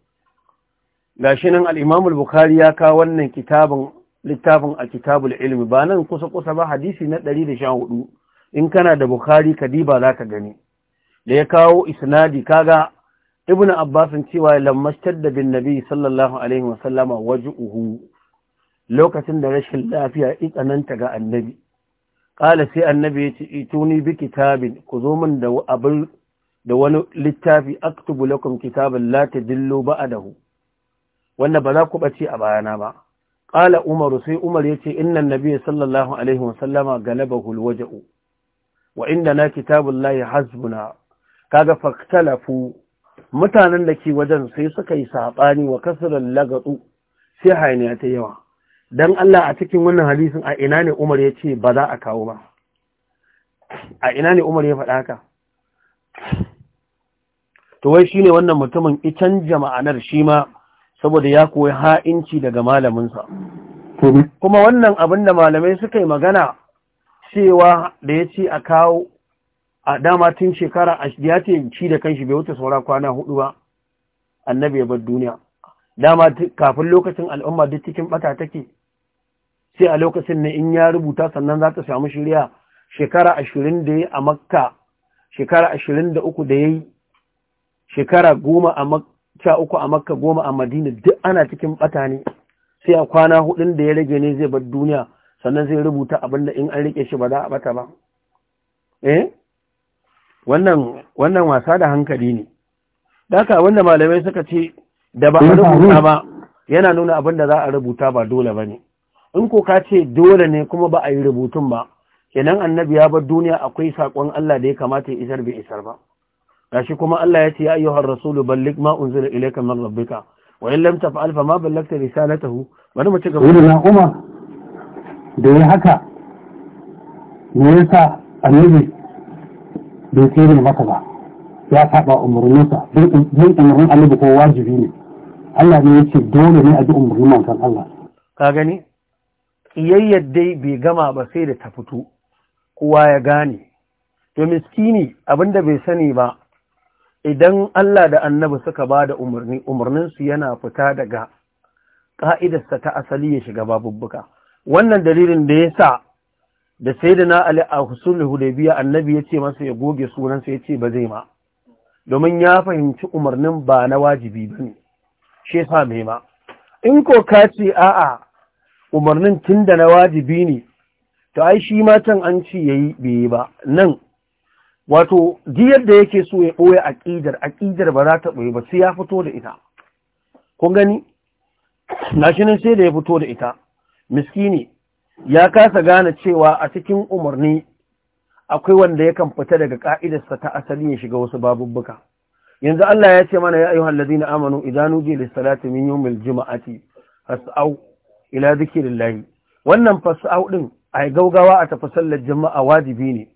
gashi nan al-Imam bukhari ya kawo wannan kitabin littafin a kitabul ilmi ba nan kusa kusa ba hadisi na 114 in kana da Bukhari za ka gani da ya kawo isnadi kaga Ibn Abbas cewa da bin Nabi sallallahu alaihi wasallama waj'uhu lokacin da rashin lafiya itsananta ga annabi ƙala sai annabi ya ce ituni bi kitabin ku zo min da abin da wani littafi aktubu lakum kitabin la tadillu ba'dahu wanda ba za ku bace a bayana ba ƙala umaru sai umar ya ce innan nabi sallallahu alaihi wasallama galabahu alwaja'u wa inda na kitabun layi hasbuna kaga faktalafu mutanen da ke wajen sai suka yi saɓani wa kasirar lagatsu sai hainiya ta yawa dan Allah a cikin wannan hadisin a ina ne Umar ya ce ba za a kawo ba a ina ne Umar ya faɗa haka to wai shine wannan mutumin itan jama'anar shi ma saboda ya koyi ha'inci daga malaminsa kuma wannan abin da malamai suka yi magana cewa da ya ce a kawo a dama tun shekara ya ce ci da kanshi bai wuce saura kwana hudu ba annabi ya bar duniya dama kafin lokacin al'umma duk cikin bata take sai a lokacin ne in ya rubuta sannan za ta samu shirya shekara ashirin da ya a makka shekara ashirin da uku da ya yi shekara goma a makka uku a makka goma a madina duk ana cikin bata ne sai a kwana hudun da ya rage ne zai bar duniya sannan zai rubuta abin da in an rike shi ba za a bata ba eh wannan wannan wasa da hankali ne daka wanda malamai suka ce da ba a rubuta ba yana nuna abin da za a rubuta ba dole ba ne in ko ka ce dole ne kuma ba a yi rubutun ba kenan annabi ya bar duniya akwai sakon Allah da ya kamata ya isar bai isar ba gashi kuma Allah ya ce ya ayyuhar rasulu balligh ma unzila ilayka min rabbika wa in lam taf'al fa ma ballagta risalatahu bari mu ci gaba da kuma da ya haka me yasa annabi bai tsere maka ba ya saba umarninsa bin umarnin annabi ko wajibi ne Allah ne ya ce dole ne a ji umarnin manzon Allah ka gani ƙiyayyar dai bai gama ba sai da ta fito kowa ya gane to miskini abinda bai sani ba idan Allah da annabi suka ba da umarni umarninsu yana fita daga ƙa'idarsa ta asali ya shiga babubbuka wannan dalilin da ya sa da sai da na Ali a husulun hudabiya annabi ya ce masa ya goge sunansa ya ce ba zai ma domin ya fahimci umarnin ba na wajibi ba ne shi sa mai ma in ko ka ce a'a umarnin tun da na wajibi ne ta ai shi ma can an ce ya yi bai ba nan wato diyar da yake so ya ɓoye a ƙidar. A ƙidar ba za ta ɓoye ba sai ya fito da ita kun gani nan sai da ya fito da ita miskini ya kasa gane cewa a cikin umarni akwai wanda yakan fita daga ƙa'idarsa ta asali ya shiga wasu babubbuka yanzu Allah ya ce mana ya ayyuhan lazina amanu idanu je lis-salati min yawmil juma'ati fas'au ila zikirillahi wannan fasa'u ɗin a gaugawa a tafasallar jama'a wajibi ne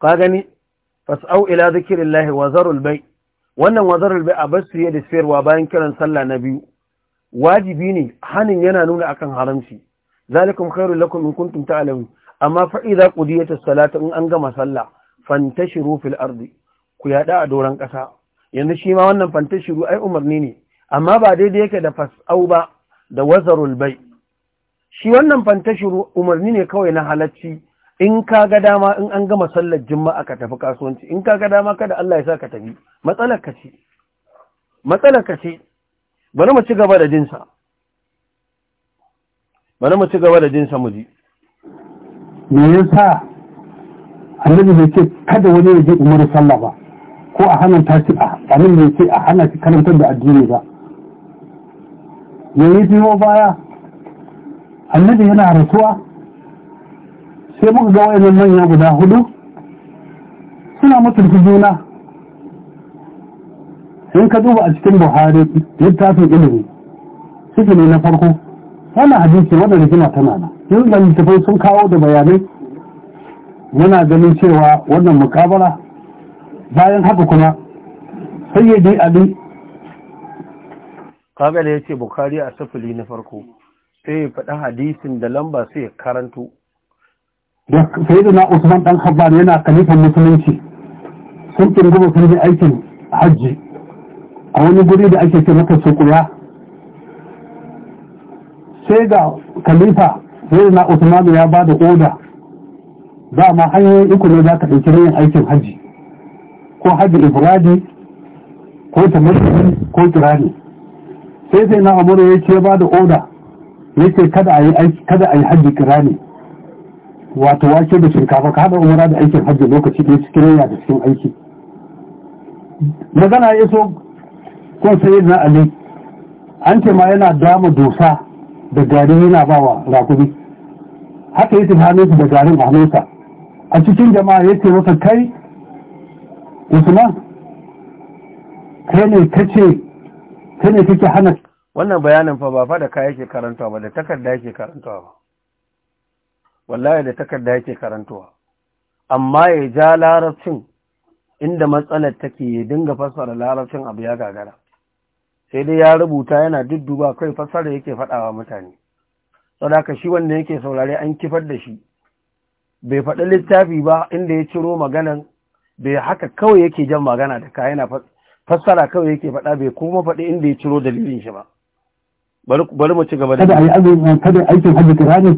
ka gani fasa'u ila zikirin wa zarul bai wannan wa bai a basu da sayarwa bayan kiran sallah na biyu wajibi ne hanin yana nuna akan haramci zalikum khairul lakum in kuntum ta'lamun amma fa idza qudiyat as-salatu in an gama sallah fantashiru fil ardi ku yada a doran kasa yanzu shi ma wannan fantashiru ai umarni ne amma ba daidai yake da fas'au ba da wazarul bai shi wannan fantashiru umarni ne kawai na halacci in ka ga dama in an gama sallar juma'a ka tafi kasuwanci in ka ga dama kada Allah ya sa ka tafi matsalar ka ce matsalar ka ce bari mu ci gaba da jinsa bari mu ci gaba da jinsa mu ji me yasa annabi bai ce kada wani ya je umar sallah ba ko a hana tashi a annabi bai ce a hana shi karantar da addini ba ya yi biyo baya annabi yana rasuwa sai muka ga wayannan manya guda hudu suna mutunta juna in ka duba a cikin buhari littafin ilimi suke ne na farko wannan hadisi wannan rigima tana na yanzu da littafai sun kawo da bayanai muna ganin cewa wannan mukabara bayan haka kuma sayyidi ali kaga ya ce bukhari a sifili na farko sai ya faɗi hadisin da lamba sai ya karanto da sai da na usman dan yana kalifan musulunci sun tungu sun yi aikin hajji a wani guri da ake ce maka sukuya sai ga khalifa sai na Usman ya ba da oda ma hanyoyin uku ne za ka ɗauki yin aikin hajji ko hajji ibradi ko tamarri ko kirani sai sai na amuru ya ce ba da oda ya ce kada a yi hajji kirani wato wake da shinkafa ka haɗa umara da aikin hajji lokaci ɗaya cikin yaya da cikin aiki magana ya so ko sai na ali an ce ma yana dama dosa da gari yana ba wa rakubi haka yi tunanin su da garin hannunsa a cikin jama'a ya ce masa kai usman kai ne kace ta ne kike hana wannan bayanin fa ba fa da ka yake karantawa ba da takarda yake karantawa ba wallahi da takarda yake karantawa amma ya ja larabcin inda matsalar take ya dinga fassara larabcin abu ya gagara sai dai ya rubuta yana duk duba kai fassara yake faɗawa mutane saboda shi wanda yake saurare an kifar da shi bai faɗi littafi ba inda ya ciro maganan bai haka kawai yake jan magana da ka yana fassara kawai yake faɗa bai kuma faɗi inda ya ciro dalilin shi ba bari mu ci gaba da kada ayi azumi kada aikin hajji kirani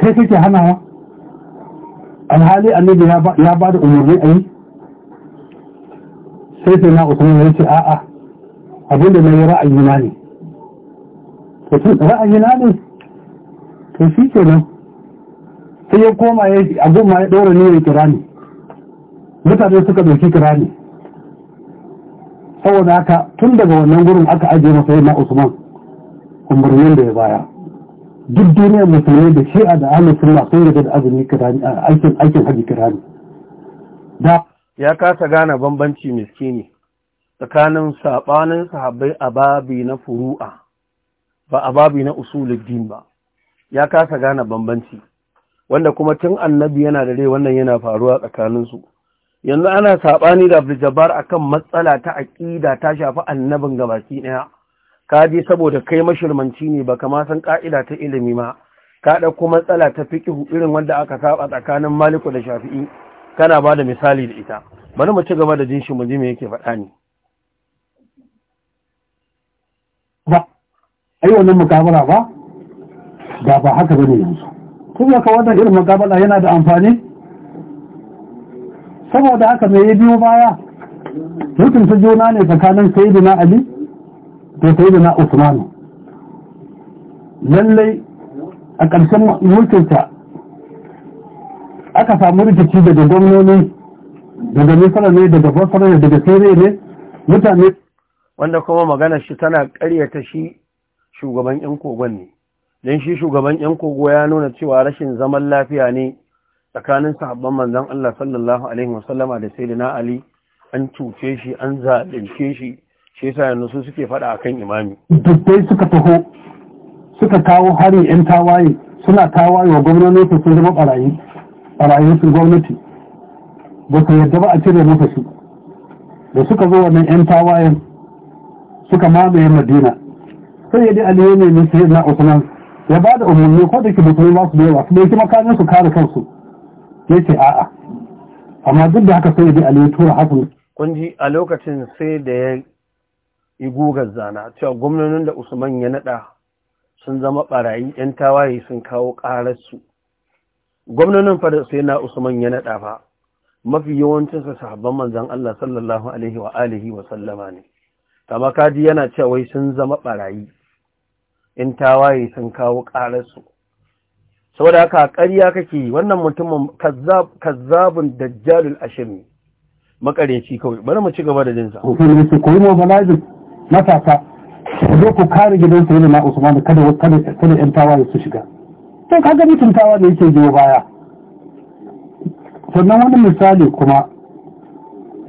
kai kake hanawa alhali annabi ya ba da umarni a yi sai sai na usman ya ce a'a abinda na yi ra'ayi na ne to tun na ne to shi nan sai ya koma ya abin ma ya ɗora ne ya kirani. mutane suka doki kirani saboda haka tun daga wannan gurin aka ajiye masa na usman umarnin da ya baya duk duniyar musulmi da shi'a da ahlus sunna sun yi da azumi aikin aikin haji kirani da ya kasa gane bambanci miskini tsakanin sabanin sahabbai a babi na furu'a ba a babi na usulun ba ya kasa gane bambanci wanda kuma tun annabi yana da rai wannan yana faruwa tsakaninsu yanzu ana saɓani da Abdul Jabbar akan matsala ta aƙida ta shafi annabin gabaki ɗaya ka je saboda kai mashirmanci ne ba ma san ƙa'ida ta ilimi ma ka ɗauko matsala ta fiqhu irin wanda aka saba tsakanin Maliku da Shafi'i kana ba da misali da ita bari mu ci gaba da jin shi mu ji me yake faɗa ne ba ai wannan mukabara ba da ba haka bane yanzu kuma ka wannan irin mukabara yana da amfani saboda haka mai ya biyo baya hukunta juna ne tsakanin na ali da na usman lallai a ƙarshen mulkinta aka samu rikici daga gwamnoni daga misra ne daga ne daga sere ne mutane wanda kuma magana shi tana karyata shi shugaban 'yan kogon ne don shi shugaban 'yan kogo ya nuna cewa rashin zaman lafiya ne tsakanin sahabban manzon Allah sallallahu alaihi wasallama da sayyidina Ali an cuce shi an zalunce shi shi yasa yanzu su suke faɗa akan imami dai suka taho suka kawo hari yan tawaye suna tawaye wa gwamnati sun zama barayi barayi su gwamnati ba su yarda ba a cire masa shi da suka zo wannan yan tawayen suka mamaye madina sai ya ji aliyu ne ne sai na usman ya ba da umarni ko da ke mutum ba su da yawa su ɗauki makamin su kare kansu ya ce a'a amma duk da haka sai da ali ya tura hakan kun ji a lokacin sai da ya yi gugar zana cewa gwamnonin da usman ya nada sun zama barayi yan tawaye sun kawo ƙararsu gwamnonin fa da sai na usman ya nada fa mafi yawancin sa sahabban manzon Allah sallallahu alaihi wa alihi wa sallama ne kama kaji yana cewa wai sun zama barayi in tawaye sun kawo ƙararsu saboda haka ƙarya kake wannan mutumin kazzabun dajjalul ashir ne kawai bari mu ci gaba da jinsa ko kuma su koyi mu matasa zo ku kare gidan su na Usman kada kada kada yan tawaye su shiga to kaga tawa ne yake jiwo baya sannan wani misali kuma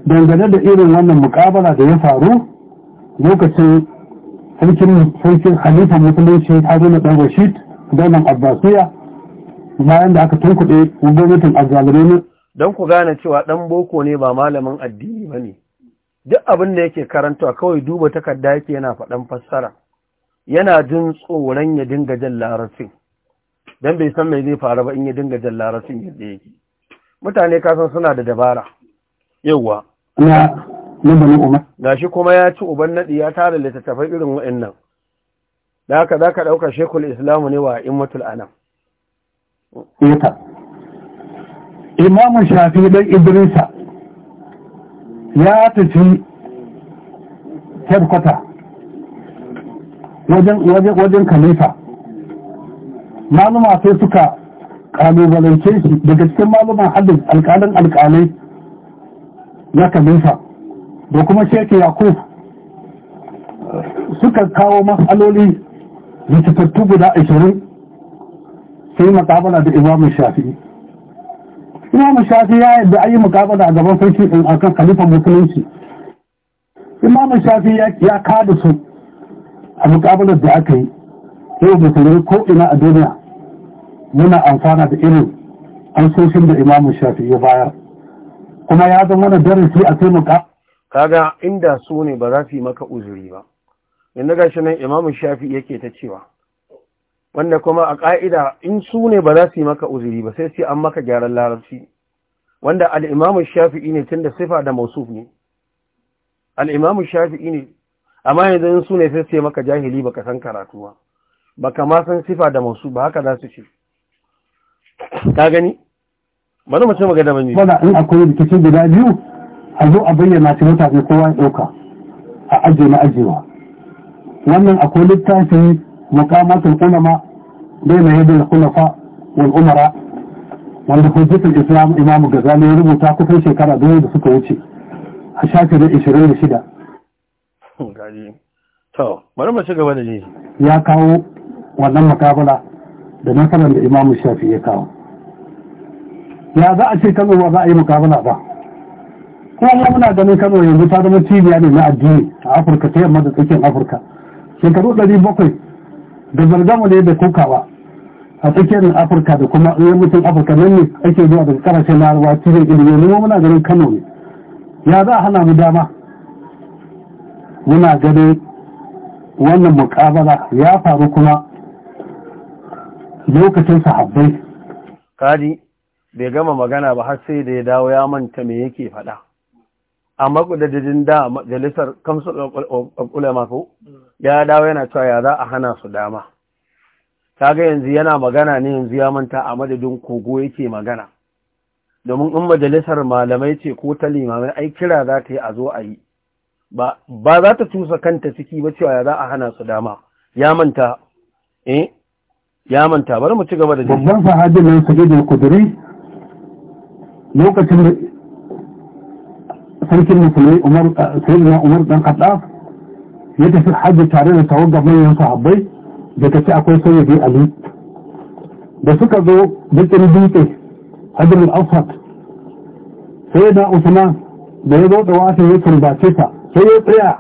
dangane da irin wannan mukabala da ya faru lokacin sarkin sarkin halifa musulunci haruna dan rashid nan abbasiya bayan da aka tunkuɗe gwamnatin azzalumai ne don ku gane cewa ɗan boko ne ba malamin addini ba ne duk abin da yake karantawa kawai duba takarda yake yana faɗan fassara yana jin tsoron ya dinga jan Larasin. don bai san mai zai faru ba in ya dinga jan Larasin yadda yake mutane kasan suna da dabara yawwa na na shi kuma ya ci uban naɗi ya tara littattafai irin wa'annan da haka za ka ɗauka shekul islamu ne wa immatul anam ita. imamu shafi dan idrisa ya tafi headquarter wajen kalifa. maluma sai suka kalubalance shi daga cikin maluman haddin alkalin alkalai na kalifa da kuma sheke yakub suka kawo matsaloli tafattu guda ashirin yi makabala da imamu shafi imamu shafi ya yadda ayi mukabala a gaban sarki din akan khalifa musulunci imamu shafi ya kada su a makabalar da aka yi yau da sanar ko ina a duniya muna amfana da irin ansoshin da imamu shafi ya bayar kuma ya zama dare darasi a taimaka kaga inda su ne ba za su yi maka uzuri ba yanda gashi nan imamu shafi yake ta cewa wanda kuma a ƙa'ida in su ne ba za su yi maka uzuri ba sai sai an maka gyaran larabci wanda al'imamun shafi'i ne tun da sifa da mausuf ne al'imamun shafi'i ne amma yanzu su ne sai sai maka jahili ba ka san karatuwa ba ka ma san sifa da mausuf ba haka za su ce ka gani bari mu ce maga da mani wanda in akwai rikicin guda biyu a zo a bayyana shi mutane kowa ya ɗauka a ajiye na ajiyewa wannan akwai littafi مقامات العلماء بين يدي الخلفاء والأمراء wanda حجة islam إمام gazali ya rubuta kusan shekara biyu da suka wuce a shafi da 26 da ji ya kawo wannan makabala da nasarar da imamu shafi ya kawo ya za yi ba kuma muna ganin kano yanzu ta zama cibiya ne na addini a afirka ta yamma da tsakiyar afirka shekaru bakwai. da zargamu ne da Kukawa a tsakiyar afirka da kuma yammacin afirka nan ne ake zuwa daga karashen larabawa cikin ilimin nuna, muna ganin kano ne ya za a hana mu dama muna ganin wannan mukabala ya faru kuma lokacin sahabbai Kadi bai gama magana ba har sai da ya dawo ya manta me yake faɗa a makudadadin da majalisar kamsul ulama ko ya dawo yana cewa ya za a hana su dama kaga yanzu yana magana ne yanzu ya manta a madadin kogo yake magana domin in majalisar malamai ce ko ta limamai ai kira za ta yi a zo a yi ba za ta tusa kanta ciki ba cewa ya za a hana su dama ya manta eh ya manta bari mu ci gaba da babban sahabin nan sa'id al lokacin sarkin musulmi umar sayyidina umar dan khattab ya tafi hajji tare da tawaga manyan sahabbai da ta ce akwai sayyidi ali da suka zo bikin dutse hajjar al-asfad sai usman da ya zo da wata ya turbace ta sai ya tsaya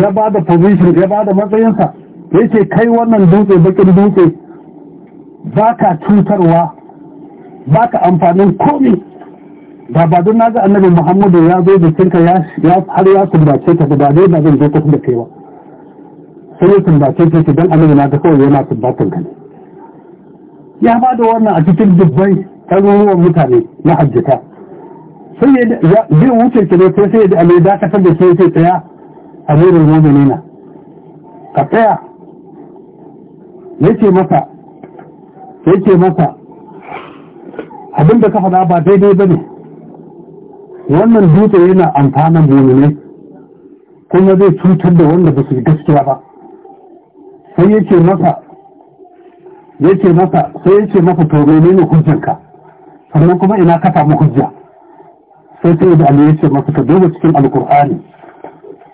ya ba da position ya ba da matsayinsa ya ce kai wannan dutse bakin dutse ba ka cutarwa ba ka amfanin komi ba ba don naga annabi muhammadu ya zo jikinka ya har ya kumbace ka ba dai ba zan zo kusa da kai ba sai ya kumbace ka ki don annabi na ga kawai yana kumbatan ka ne ya ba da wannan a cikin dubbai ɗaruruwan mutane na hajjata sai ya zai wuce ki ne sai sai da da kasar da sai sai tsaya a zurin mu'minina ka tsaya yake masa ce masa abinda ka faɗa ba daidai ba ne wannan dutse yana amfanin ne. kuma zai cutar da wanda ba su yi gaskiya ba sai yake masa yake masa sai yake masa to menene hujjanka sannan kuma ina ka samu hujja sai sai da Allah yake masa ka duba cikin alkur'ani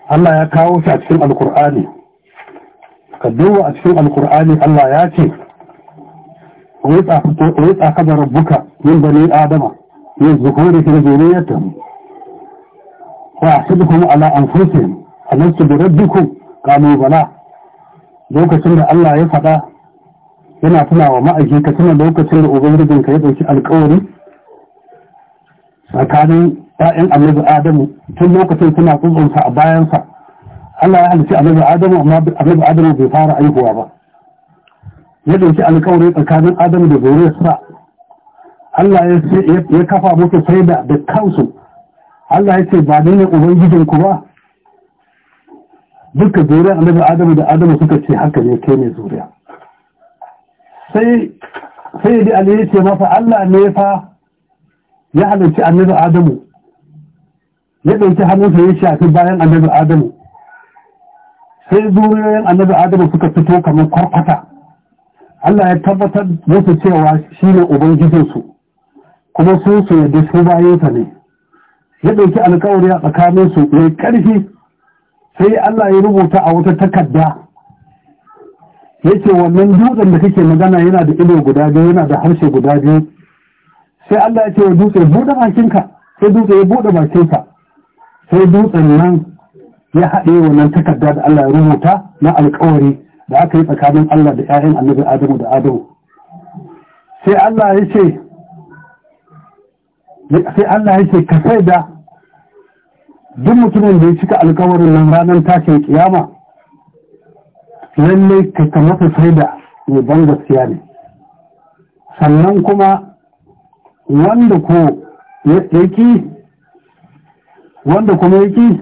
Allah ya kawo shi a cikin alkur'ani ka duba a cikin alkur'ani Allah ya ce wa yasa ka rabbuka min bani adama يصدقون رجوليتهم وأحسدكم على أنفسهم ألست بربكم قالوا بلى lokacin da Allah ya faɗa yana tuna wa ma'aji ka tuna lokacin da ubangijin ka ya ɗauki alkawari tsakanin ‘ya'yan annabi Adamu tun lokacin suna tsuntsunsa a bayansa Allah ya halitta annabi Adamu amma annabi Adamu bai fara aihuwa ba ya ɗauki alkawari tsakanin Adamu da zuriyarsa Allah ya kafa muku sai da kansu Allah ya ce ba ne ne ubangijinku ba duka zuriyar annabi adamu da adamu suka ce haka ne kai ne zuriya sai sai da ali ya ce masa Allah ne fa ya halarci annabi adamu ya ɗauki hannunsa ya shafi bayan annabi adamu sai zuriyoyin annabi adamu suka fito kamar kwarkwata Allah ya tabbatar musu cewa shi ne ubangijinsu kuma sun su yadda su ne ya ɗauki alkawari a tsakanin su mai ƙarfi sai Allah ya rubuta a wata takarda yace wannan dutsen da kake magana yana da ido guda biyu yana da harshe guda biyu sai Allah ya ce wa dutse buɗe bakinka sai dutse ya buɗe bakinka sai dutsen nan ya haɗe wannan takarda da Allah ya rubuta na alkawari da aka yi tsakanin Allah da 'ya'yan annabi Adamu da Adamu sai Allah ya ce sai Allah ya ce ka sai da duk mutumin da ya cika alkawarin nan ranar tashin kiyama lallai ka kamata sai da mai ban gaskiya ne sannan kuma wanda ko ki wanda kuma yaki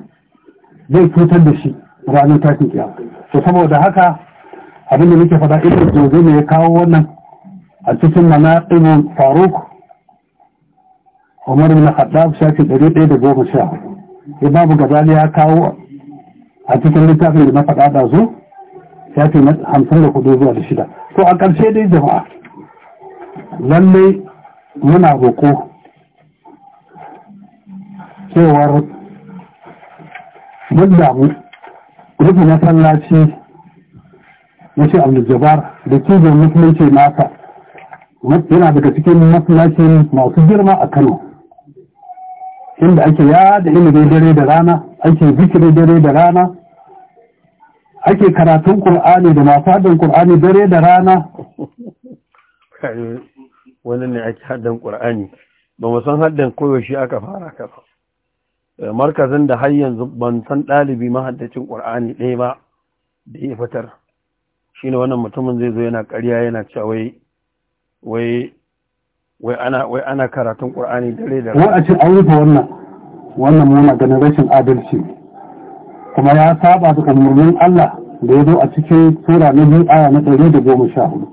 zai cutar da shi ranar tashin kiyama to saboda haka abinda da nake faɗa ita ne ya kawo wannan a cikin manaƙibin faruk umar bin haddab shafi 110 imamu gazali ya kawo a cikin littafin da na faɗa da zo shafi 54 zuwa 6 to a ƙarshe dai jama'a lallai muna roƙo cewar duk damu rufe masallaci na shi abdul-jabar da cibiyar musulunci nasa yana daga cikin masallacin masu girma a kano inda ake yada ilimin dare da rana ake zikirin dare da rana ake karatun Kur'ani da masu haɗin Kur'ani dare da rana wani ne ake haɗin Kur'ani ba mu san haɗin koyaushe aka fara ka ba eh, markazin da har yanzu ban san ɗalibi mahaddacin Kur'ani ɗaya ba da ya fitar shi ne wannan mutumin zai zo yana ƙarya yana cewa wai wai ana wai ana karatun qur'ani dare da wai a ce an rufe wannan wannan muna ganin rashin adalci kuma ya saba da umarnin Allah da ya zo a cikin sura na biyu aya na ɗari da goma sha hudu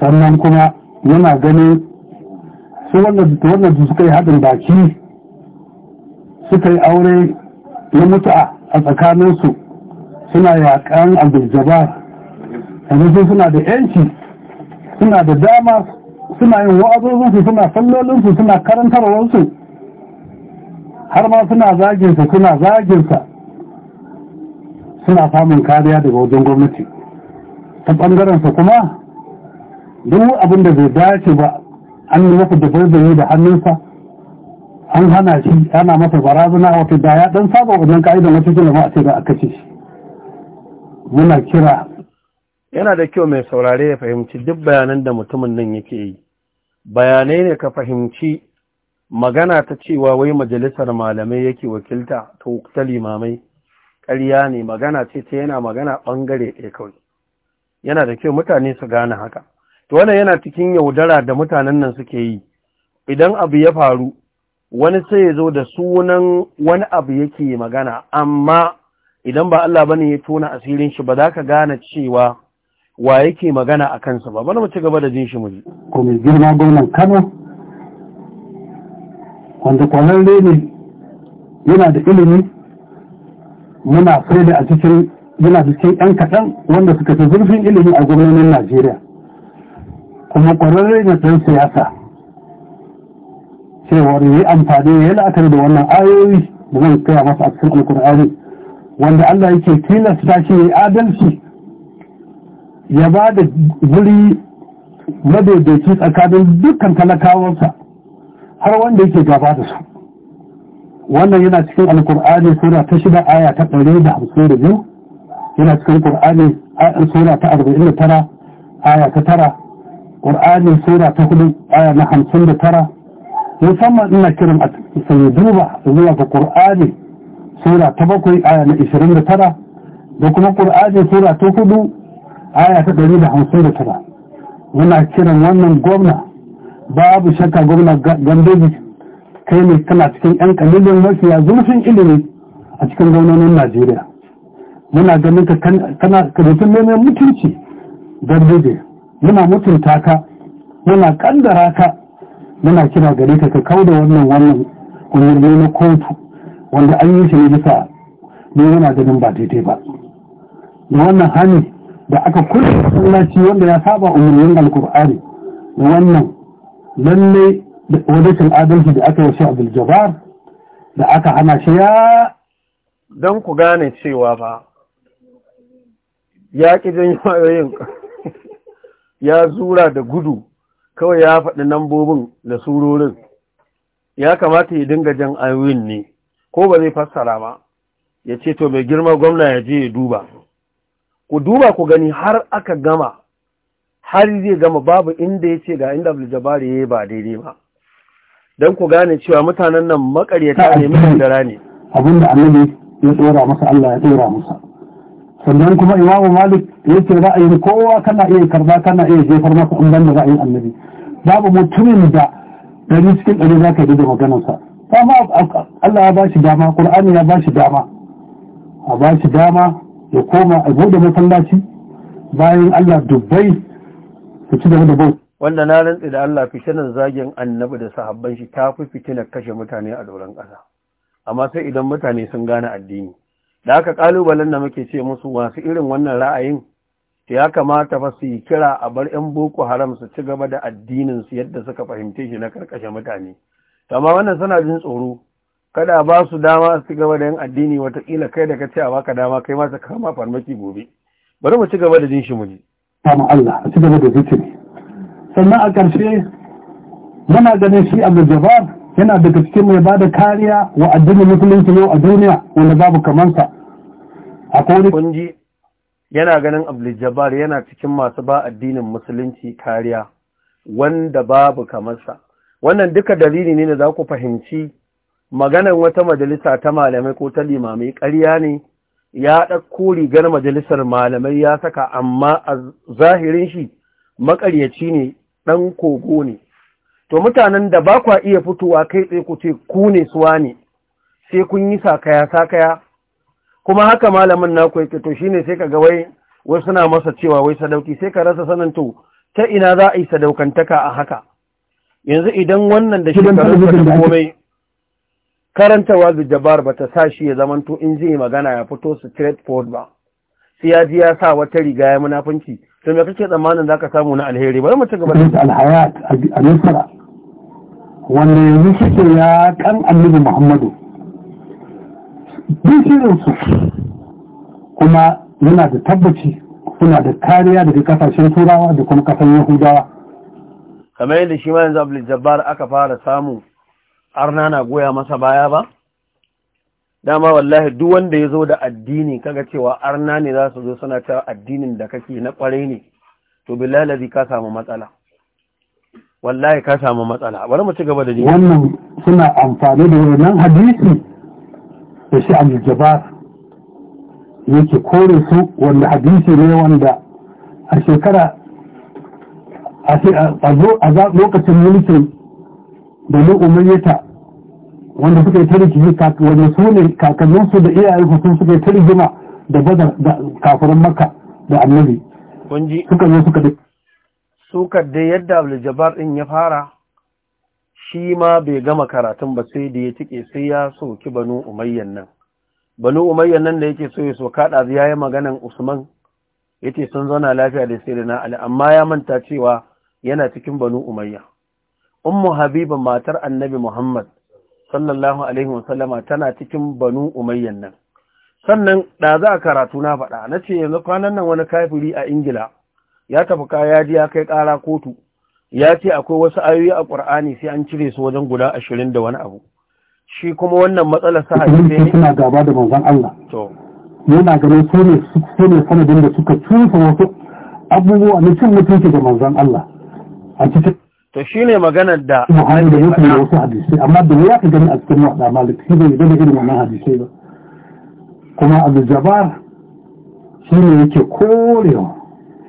sannan kuma yana ganin su wannan su suka yi haɗin baki suka yi aure na mutu'a a tsakaninsu suna yaƙan abdul yanzu suna da yanci suna da dama suna yin wa'azozinsu suna sallolinsu suna karantarwarsu har ma suna zaginsa suna zaginsa suna samun kariya daga wajen gwamnati ta ɓangarensa kuma duk abin da zai dace ba an yi masa dabarbaye da hannunsa an hana shi ana masa barazana wata da ya ɗan saba wajen ka'idan wata jama'a ce da aka ce shi muna kira yana da kyau mai saurare ya fahimci duk bayanan da mutumin nan yake yi bayanai ne ka fahimci magana ta cewa wai majalisar malamai yake wakilta ta limamai ƙarya ne magana ce ta yana magana ɓangare ɗaya kawai yana da kyau mutane su gane haka to wannan yana cikin yaudara da mutanen nan suke yi idan abu ya faru wani sai ya zo da sunan wani abu yake magana amma idan ba Allah bane ya tona asirin shi ba za ka gane cewa wa yake magana a kansa ba bana mu ci gaba da jin shi mu ji ko mai girma gwamnan Kano wanda kwararre ne yana da ilimi muna da a cikin yana cikin yan kaɗan wanda suka fi zurfin ilimi a gwamnonin Najeriya kuma kwararre ne ɗan siyasa cewar yi amfani ya la'akari da wannan ayoyi da zai kaya masa a cikin alkur'ani wanda Allah yake tilasta shi adalci ya ba da wuri madaidaici tsakanin dukkan talakawansa har wanda yake gaba da su wannan yana cikin alkur'ani sura ta shida aya ta ɗari da hamsin da biyu yana cikin ƙur'ani sura ta arba'in da tara aya ta tara ƙur'ani sura ta hudu aya na hamsin da tara musamman ina kiran a sai duba zuwa ga ƙur'ani sura ta bakwai aya na ishirin da tara da kuma ƙur'ani sura ta hudu aya ta ɗari da hamsin da tara muna kiran wannan gwamna babu shakka gwamna gandoji kai ne tana cikin yan kalilin mafiya zurfin ilimi a cikin gwamnonin najeriya muna ganin ka kana karatun neman mutunci gandoji muna mutunta ka muna kandara ka muna kira gare ka ka kauda wannan wannan umarni na kotu wanda an yi shi ne bisa ne yana ganin ba daidai ba da wannan hani da aka kulle masallaci wanda ya saba umarnin alkur'ani wannan lalle wadatin adalci da aka yi shi abul jabar da aka hana shi ya don ku gane cewa ba ya ƙi janyoyin ya zura da gudu kawai ya faɗi nambobin da surorin ya kamata ya dinga jan ayoyin ne ko ba zai fassara ba ya ce to mai girma gwamna ya je ya duba ku duba ku gani har aka gama har zai gama babu inda ya ce ga inda jabari ya ba daidai ba don ku gane cewa mutanen nan makaryata ne da rani. abinda annabi ya tsora masa Allah ya tsora masa sannan kuma imamu malik ya ce ra'ayin kowa kana iya karba kana iya jefar masa in banda ra'ayin annabi babu mutumin da dari cikin ɗari za ka yi da maganarsa dama Allah ya ba shi dama ƙur'ani ya ba shi dama a ba shi dama ya koma a bude masallaci bayan Allah dubbai su ci gaba da bau wanda na rantsi da Allah fitinar zagin annabi da sahabban shi ta fi fitinar kashe mutane a doron ƙasa amma sai idan mutane sun gane addini da haka ƙalubalen da muke ce musu masu irin wannan ra'ayin ya kamata fa su yi kira a bar 'yan boko haram su ci gaba da addininsu yadda suka fahimce shi na karkashe mutane amma wannan suna jin tsoro kada ba su dama su gaba da yin addini watakila kai da ka ce a baka dama kai masa kama farmaki gobe bari mu ci gaba da jin shi mu ji kama Allah a ci gaba da zikiri sannan a ƙarshe muna ganin shi Abdul Jabbar yana daga cikin mai bada kariya wa addinin musulunci yau a duniya wanda babu kamansa a kone kunji yana ganin abu Jabbar yana cikin masu ba addinin musulunci kariya wanda babu kamansa wannan duka dalili ne da za ku fahimci maganan wata majalisa ta malamai ko ta limamai ƙarya ne ya ɗauko rigar majalisar malamai ya saka amma a zahirin shi maƙaryaci ne ɗan kogo ne to mutanen da ba kwa iya fitowa kai tsaye ku ce ku ne suwa ne sai kun yi sakaya sakaya kuma haka malamin naku yake to shine sai ka wai wai suna masa cewa wai sadauki sai ka rasa sanin to ta ina za a yi sadaukantaka a haka yanzu idan wannan da sa da komai karanta da jabar ba ta sa shi ya zamanto in zai magana ya fito straight forward ba sai ya ji ya sa wata riga ya munafunci to me kake tsammanin zaka samu na alheri bari mu ci gaba da alhayat al-nasra wanda yanzu suke ya kan annabi Muhammadu bishirin su kuma yana da tabbaci kuna da kariya daga kasashen turawa da kuma kasan yahudawa kamar yadda shi ma yanzu abdul jabbar aka fara samu arna na goya masa baya ba dama wallahi duk wanda ya zo da addini kaga cewa arna ne za su zo suna ta addinin da kake na kwarai ne to billahi lazi ka samu matsala wallahi ka samu matsala bari mu ci gaba da jiya wannan suna amfani da wannan hadisi da shi al-jabar yake kore su wanda hadisi ne wanda a shekara a zo a lokacin mulkin da umayyata wanda suka yi ta rikici wanda su ne kakanninsu da iyayensu sun suka yi ta rigima da bada da kafirin maka da annabi suka zo suka da suka da yadda abdul din ya fara shi ma bai gama karatun ba sai da ya tike sai ya soki banu umayyan nan banu umayyan nan da yake so ya soka ɗazu ya yi maganan usman ya ce sun zauna lafiya da sai da na ali amma ya manta cewa yana cikin banu umayya ummu habiba matar annabi muhammad sallallahu alaihi wasallama tana cikin banu umayyan nan sannan da za a karatu na faɗa na ce yanzu kwanan nan wani kafiri a ingila ya tafi kaya ji ya kai ƙara kotu ya ce akwai wasu ayoyi a Qur'ani sai an cire su wajen guda ashirin da wani abu shi kuma wannan matsalar sa hadisi ne ina gaba da manzon Allah to yana ganin su ne su ne sanadin da suka cusa wasu abubuwa na cin mutunci da manzon Allah a cikin to shine maganar da Muhammad ya faɗa wasu hadisi amma da ya gani a cikin wada shi bai da irin wannan kuma Abu Jabbar shine yake korewa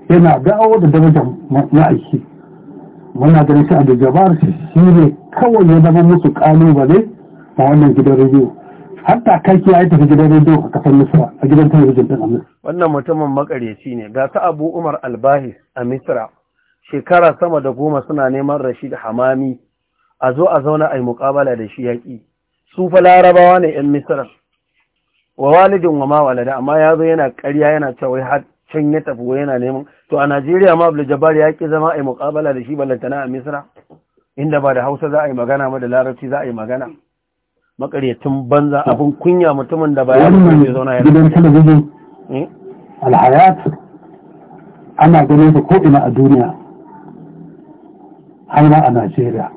yana dawo da darajar ma'aiki muna ganin shi Abu Jabbar shi ne kawai ya zama musu kalubale a wannan gidan rediyo hatta kai ya yi tafi gidan rediyo a kasar Misra a gidan talabijin din Amurka wannan mutumin makareci ne ga ta Abu Umar Albahis a Misra shekara sama da goma suna neman rashid hamami a zo a zauna a yi mukabala da shi yaƙi su fa larabawa ne ‘yan misra wa walidin wa mawalada amma ya zo yana ƙarya yana cewa har can ya tafi yana neman to a najeriya ma abu jabbar ya ƙi zama a yi mukabala da shi ballantana a Misira? inda ba da hausa za a yi magana ba da larabci za a yi magana makaryacin banza abin kunya mutumin da ba ya zauna ya gidan talabijin eh? alhayat ana ganin ko ina a duniya aura a najeriya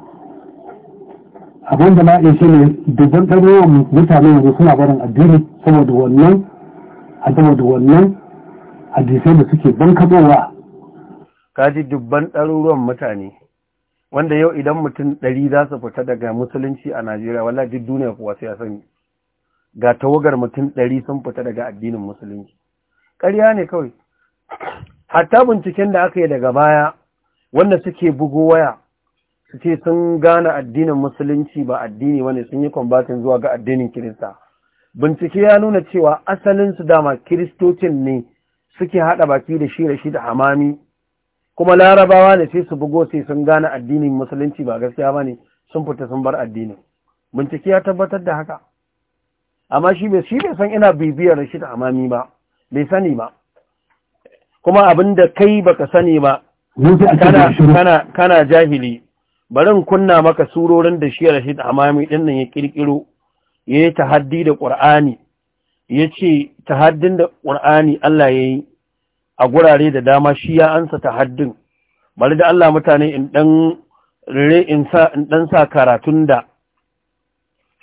abin da na iya shi ne dubban ɗaruruwan mutane yanzu suna barin addini saboda wannan a saboda wannan addisai da suke Ka ji dubban ɗaruruwan mutane wanda yau idan mutum ɗari za su fita daga musulunci a najeriya wala duk duniya kuwa sai a sani ga tawagar mutum ɗari sun fita daga addinin musulunci ƙarya ne kawai hatta binciken da aka yi daga baya wanda suke bugo waya su ce sun gane addinin musulunci ba addini wani sun yi kwambatin zuwa ga addinin kirista bincike ya nuna cewa asalin su dama kiristocin ne suke haɗa baki da shi da shi da hamami kuma larabawa ne sai su bugo sai sun gane addinin musulunci ba gaskiya ba ne sun fita sun bar addinin bincike ya tabbatar da haka amma shi bai san ina bibiyar shi da hamami ba bai sani ba kuma abin da kai baka sani ba kana kana jahili barin kunna maka surorin da shi Rashid Amami din nan ya kirkiro ta tahaddi da Qur'ani ta tahaddin da Qur'ani Allah ya yi a gurare da dama shi ya ansa tahaddin bari da Allah mutane in dan rere in sa in dan sa karatun da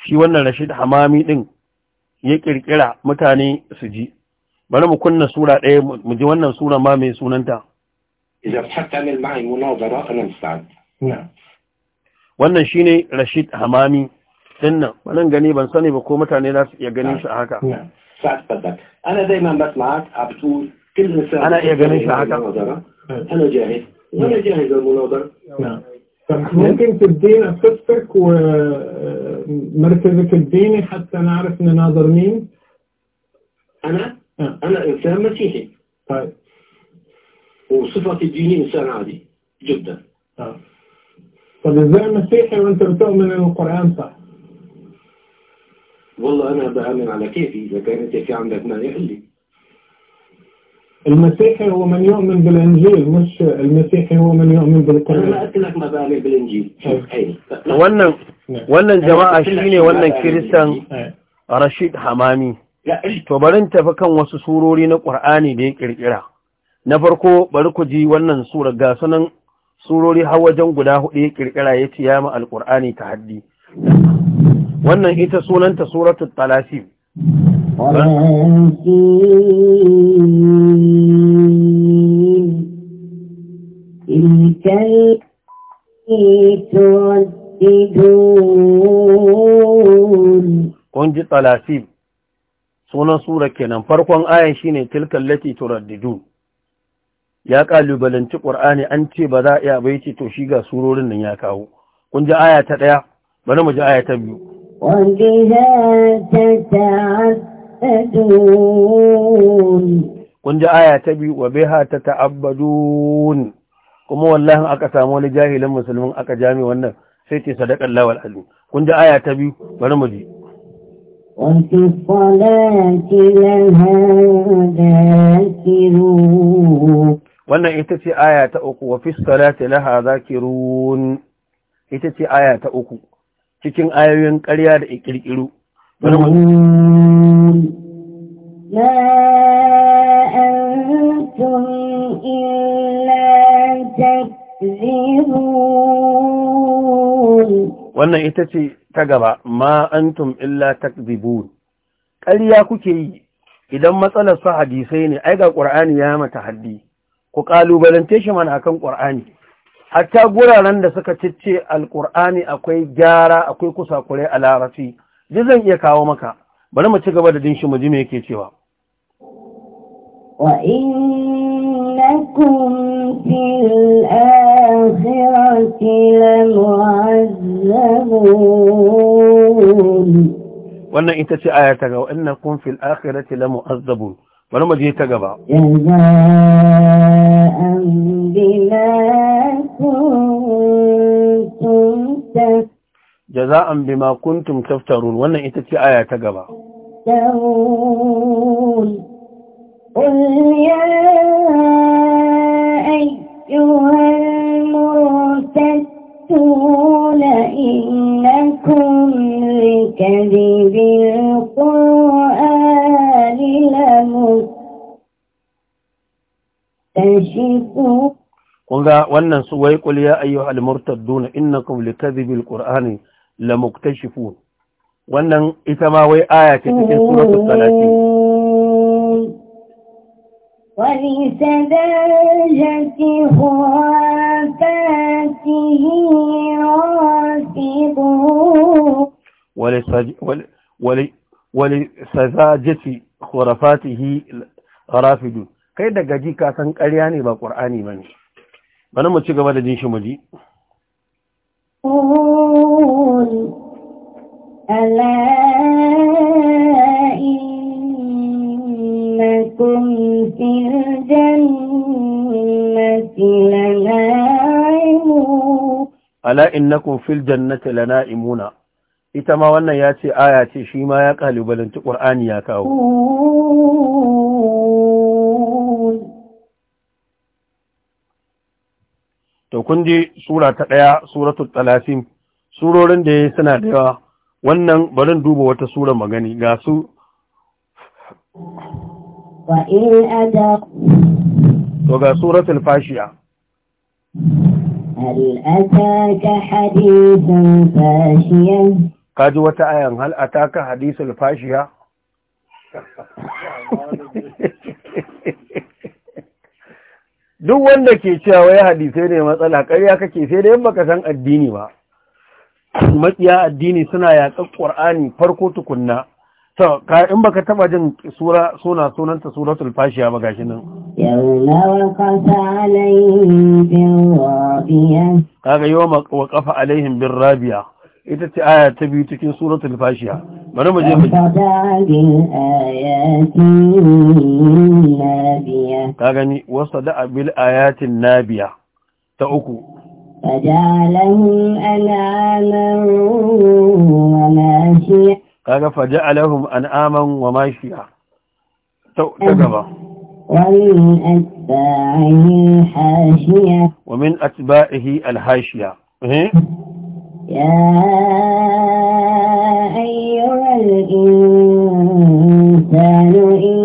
shi wannan Rashid Hamami din ya kirkira mutane su ji bari mu kunna sura ɗaya mu ji wannan sura ma mai sunanta إذا بحثت عن المعي مناظرة أنا مستعد نعم wannan shine Rashid Hamami dinnan wannan gani ban sani ba ko mutane za su iya ganin shi haka ana dai man basma'ak abtu كل ana iya ganin shi haka ana جاهز وانا جاهز da نعم ممكن تدينا قصتك ومركزك الديني حتى نعرف نناظر مين انا آه. انا انسان مسيحي طيب وصفتي الديني انسان عادي جدا آه. طب ازاي مسيحي وانت بتؤمن ان القرآن صح والله انا بآمن على كيفي اذا كان انت في عندك ما لي. المسيحي هو من يؤمن بالانجيل مش المسيحي هو من يؤمن بالقرآن انا قلت لك ما بآمن بالانجيل ولا ولا jama'a شيني ولا kiristan رشيد حمامي. to barin tafi kan wasu surori na Qur'ani da ya kirkira na farko bari ku ji wannan sura ga surori har wajen guda hudu ya kirkira ya ce ya ma alkur'ani ta haddi wannan ita sunanta suratul talasim kun ji talasim sunan sura kenan farkon ayan shine tilkallati turaddidun ya kalubalanci qur'ani an ce ba za a iya baiti to shi ga surorin nan ya kawo kun ji aya ta daya bari mu ji aya ta biyu kun ji aya ta biyu wa biha ta ta'abbadun kuma wallahi aka samu wani jahilin musulmin aka jami wannan sai ce sadakan lawal azu kun ji aya ta biyu bari mu ji وفي الصلاة لها wannan ita ce aya ta uku wa fi salati laha zakirun ita ce aya ta uku cikin ayoyin ƙarya da ikirkiru wannan ita ce ta gaba ma antum illa takzibun ƙarya kuke yi idan matsalar su hadisai ne ai ga ƙur'ani ya mata haddi ku ƙalubalance shi mana akan ƙur'ani hatta guraren da suka cicce alƙur'ani akwai gyara akwai kusakurai a Larafi, duk zan iya kawo maka bari mu ci gaba da din shi mu ji me yake cewa وإنكم في الآخرة لمعذبون wannan ita ce aya ta gaba kun fil akhirati lamu'azzabun bari mu je ta gaba بما كنتم جزاء بما كنتم تفترون وانا في آية تقبع تفترون قل يا أيها المرتدون إنكم لكذب القرآن لمتدون kun ga wannan su wai qul ya ayyuhal murtadduna innakum likadhibil qur'ani lamuktashifun wannan ita ma wai aya ce cikin suratul talatin ولسذاجة خرافاته رافضه ولسذاجة خرافاته رافضه kai da ji ka san ƙarya ne ba ƙur'ani ba ne bana mu ci gaba da jin shi mu ji ala innakum fil jannati lana'imuna ita ma wannan ya ce aya ce shi ma ya kalubalanci ƙur'ani ya kawo kun ji sura ta ɗaya suratul talatin surorin da ya suna da yawa wannan barin duba wata sura magani ga su to ga suratul fashiya ji wata ayan hal ka hadisul fashiya duk wanda ke cewa wai hadisai ne matsala ƙarya kake sai dai baka san addini ba matsiya addini suna yaƙar ƙur'ani farko tukunna to ka in baka taba jin sura suna sunanta suratul fashiya ba gashi nan yawma waqafa alaihim birrabiya kaga yawma alaihim birrabiya ita ce aya ta biyu cikin suratul fashiya bari mu je mu ka gani wasa da abil ayatin nabiya ta uku fajalahum an'aman wa mashiya kaga fajalahum an'aman wa mashiya ta gaba ومن أتباعه الحاشية ومن أتباعه الحاشية يا أيها الإنسان إنك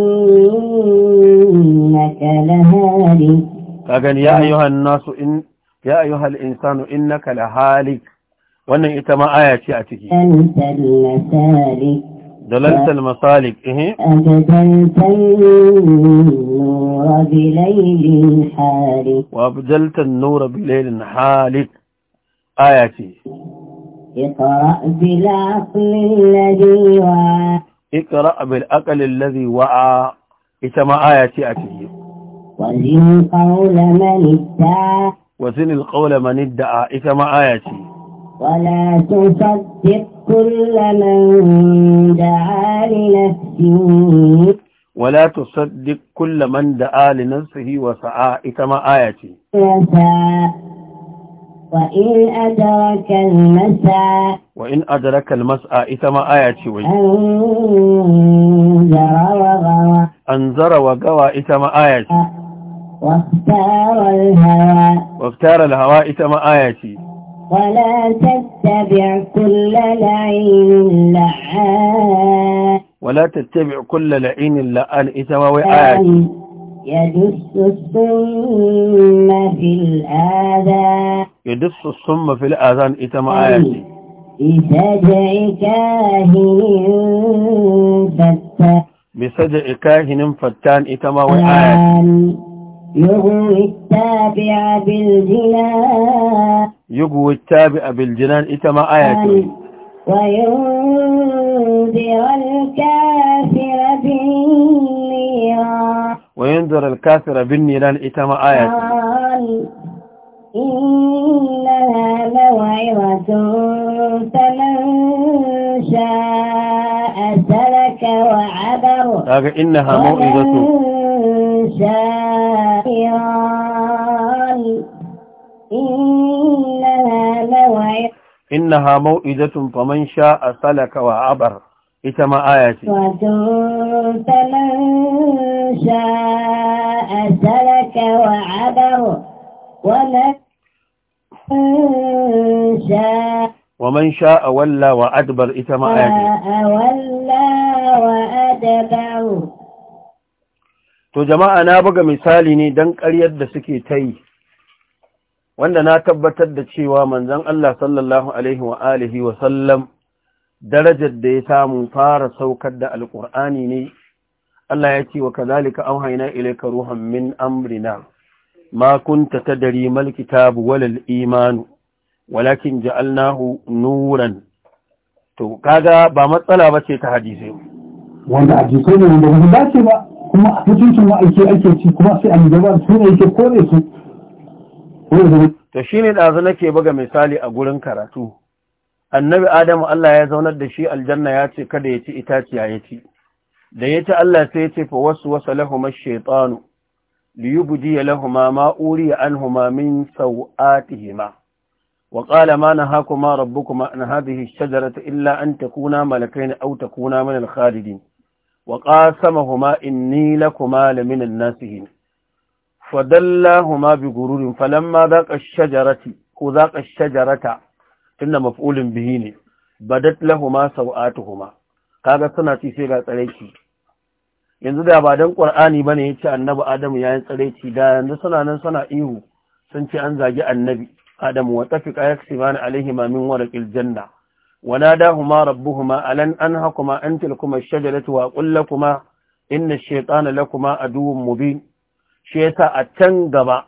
لهالك كأن يا أيها الناس إن يا أيها الإنسان إنك لهالك wannan ita ma aya ce a ciki dalantar masalik ihe wa abjaltar nura bilailin halik aya ce اقرأ بالعقل الذي وعى اقرأ بالعقل الذي وعى إتما آياتي أتي وزن القول من ادعى وزن القول من ادعى إتما آياتي ولا تصدق كل من دعا لنفسه ولا تصدق كل من دعا لنفسه وسعى إتما آياتي وسعى وإن أدرك المساء وإن أدرك المساء إتما آياتي شوي أنذر وغوى أنذر وغوى إتما آياتي واختار الهوى واختار الهوى إتما آياتي ولا تتبع كل لعين لعان ولا تتبع كل لعين لعان إتما وآية يدس السم في الآذان يدس السم في الآذان إتم آياتي بسجع كاهن فتان بسجع كاهن فتان إتم آياتي يغوي التابع بالجنان يغوي التابع بالجنان إتم آياتي وينذر الكافر بالنيران وينذر الكافر بالنيران إتما آيات إنها موعظة فمن شاء سلك وعبر إنها موعظة شاء إنها موعظة فمن شاء سلك وعبر ita ma aya ce ومن شاء ولى وأدبر إتم آياتي wa وأدبر to jama'a na buga misali ne don ƙaryar da suke ta yi wanda na tabbatar da cewa manzon Allah sallallahu alaihi wa alihi wa sallam darajar da ya samu fara saukar da alƙur'ani ne Allah ya ce wa kazalika an haina ilaika ruhan min amrina ma kunta dari mal kitabu walal imanu walakin ja'alnahu nuran to kaga ba matsala ba ce ta hadisi wanda a hadisi ne wanda ba dace ba kuma a cikin aiki ake ci kuma sai an gaba su ne yake kore su to shine dazu nake buga misali a gurin karatu annabi adamu Allah ya zaunar da shi aljanna ya ce kada ya ci itaciya ya ci da ya ci Allah sai ya ce fa wasu wasa lahuma shaitanu liyubdi lahuma ma uri anhuma min sawatihima wa qala ma nahakuma rabbukuma an hadhihi ash-shajarati illa an takuna malakayn aw takuna min al-khalidin wa qasamahuma inni lakuma lamin an-nasihin fadallahuma bi gururin falamma daqa ash-shajarati ko daqa ash-shajarata In tunda mafulin bihi ne badat lahuma sau'atuhuma kaga suna ci sai ga tsareci yanzu da ba dan qur'ani bane yace annabi adamu ya yayin tsareci da yanzu suna nan suna ihu sun ci an zagi annabi adamu wa tafiqa yaksibana alaihi ma min warqil janna wanadahuma rabbuhuma alan anhaquma antilkuma ash-shajarata wa qul lakuma inna ash-shaytana lakuma aduwwun mubin shi yasa a can gaba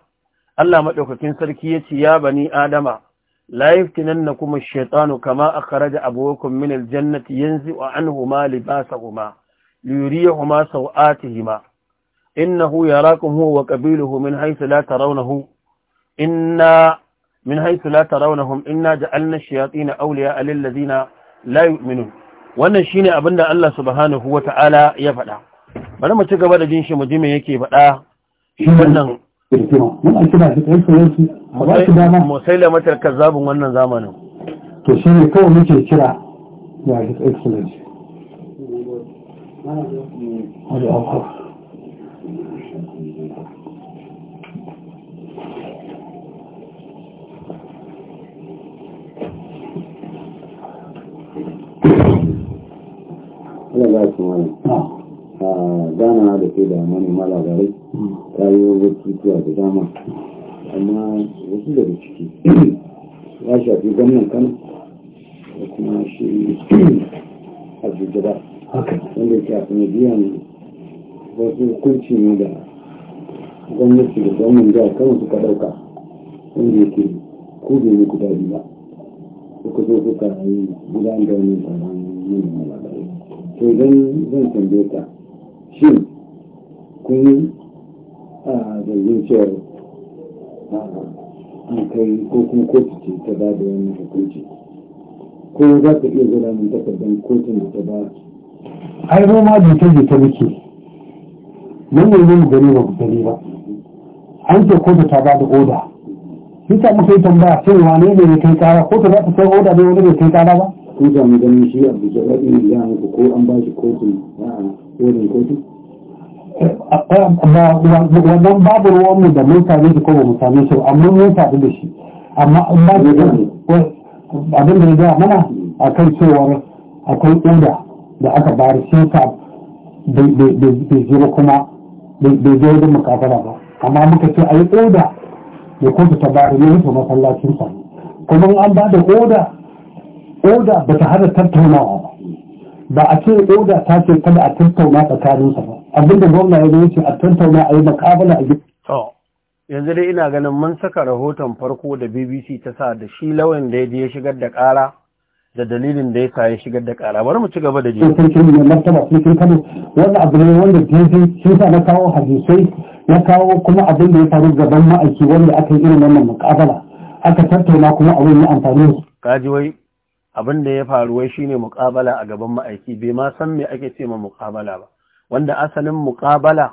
Allah madaukakin sarki ya yace ya bani adama la yaftinannakum ash-shaytanu kama akhraja abuwakum min al-jannati yanzi'u anhuma libasahuma liyuriyahuma sawatihima innahu yarakum huwa wa qabiluhu min haythu la tarawnahu inna min ina la tarawnahum na ja'alna na shayatina a lil na la minu. wannan shine abinda Allah subhanahu Ta'ala ya faɗa bari mu ci gaba da jin shi mu ji me yake faɗa shi wannan kirkiro mun an kira shi kai sayansu a ba shi dama musaila matar kazzabin wannan zamanin to shi ne kawai muke kira ya his excellency Allah ba su wani. Gana da ke da mani mala gari. kayo batutuwa da dama amma wasu daga ciki ya shafi gwamnan kano da kuma shi a jujjaba wanda ke a sanadiyan wasu hukunci ne da gwamnati da gwamnan jihar kano suka ɗauka wanda yake kudu ne guda biyu ba suka zo suka yi gudanar da wani tsaron yin labarai to idan zan tambaye ta shin kun da zuciyar an kai ko kuma kotu ce ta ba da wani hukunci ko za ka iya zura min takardar kotun da ta ba ai ba ta jita ta muke mun ne mun gani ba gani ba an ce kotu ta ba da oda Nita muka yi tambaya sai wane ne ya kai kara kotu za ta kai oda ne wani ne kai kara ba? Kun sami ganin shi a bisa ra'in ya ko an ba shi kotun a wurin kotun? wannan babu ruwan da mun same shi ko ba mu same shi amma mun sadu da shi amma an ba da abin da ya gaya mana a kan cewar akwai inda da aka bayar shi sa bai zira kuma bai zai wajen makafara ba amma muka ce a yi oda da kuma ta bayar ne rufe masallacin sa kuma an ba da oda oda ba ta hada tattaunawa ba ba a ce oda ta ce kada a tattauna sa ba abinda gwamna ya zo ce a tattauna a yi makabala a gida. yanzu dai ina ganin mun saka rahoton farko da bbc ta sa da shi lawan da ya je shigar da kara da dalilin da ya sa ya shigar da kara bari mu ci gaba da jiya sarkin ne martaba sarkin kano wannan abu ne wanda daidai sun sa na kawo hadisai na kawo kuma abin da ya faru gaban ma'aiki wanda aka yi irin wannan mukabala aka tattauna kuma a wani amfani kaji wai abin da ya faru wai shine muƙabala a gaban ma'aiki bai ma san me ake ce ma muqabala ba wanda asalin muƙabala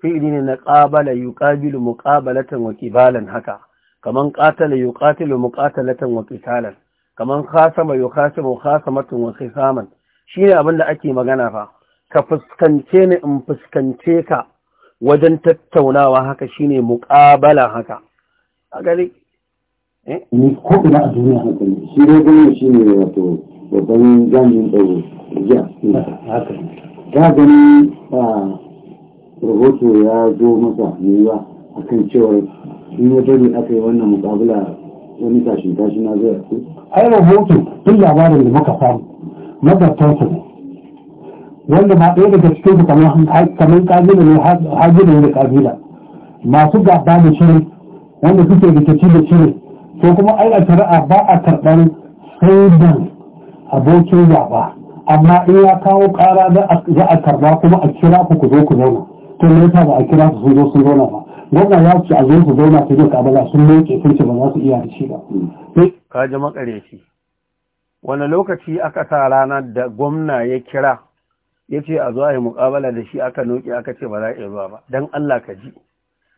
fi'ili ne na qabala yuqabilu muqabalatan wa qibalan haka kaman qatala yuqatilu muqatalatan wa qitalan kaman khasama yukhasimu khasamatan wa khisaman shine abin da ake magana fa ka fuskance ni in fuskance ka wajen tattaunawa haka shine muqabala haka a gari Eh? ni ko da a duniya haka ne shi dai gani shi ne wato babban jami'in tsaro jiya haka ta gani a rahoto ya zo masa yiwuwa a kan cewar shi ya bari aka yi wannan mukabula wani tashin tashi na zai ku ai rahoto tun labarin da muka samu magabtan su wanda ba ɗaya daga cikin su kamar kabila ne hajji da wani kabila masu gaba da shirin wanda suke rikici da shirin ko kuma ai a shari'a ba a karɓar saidan abokin zaɓa amma in ya kawo ƙara za a karɓa kuma a kira ku ku zo ku zauna to me yasa ba a kira su sun zo sun zauna ba gwamna ya ce a zo su zauna su zo kabala sun loke sun ce ba za su iya da shi ba. ka ji makareci wani lokaci aka sa ranar da gwamna ya kira ya ce a zuwa yi muƙabala da shi aka noke aka ce ba za a iya zuwa ba don Allah ka ji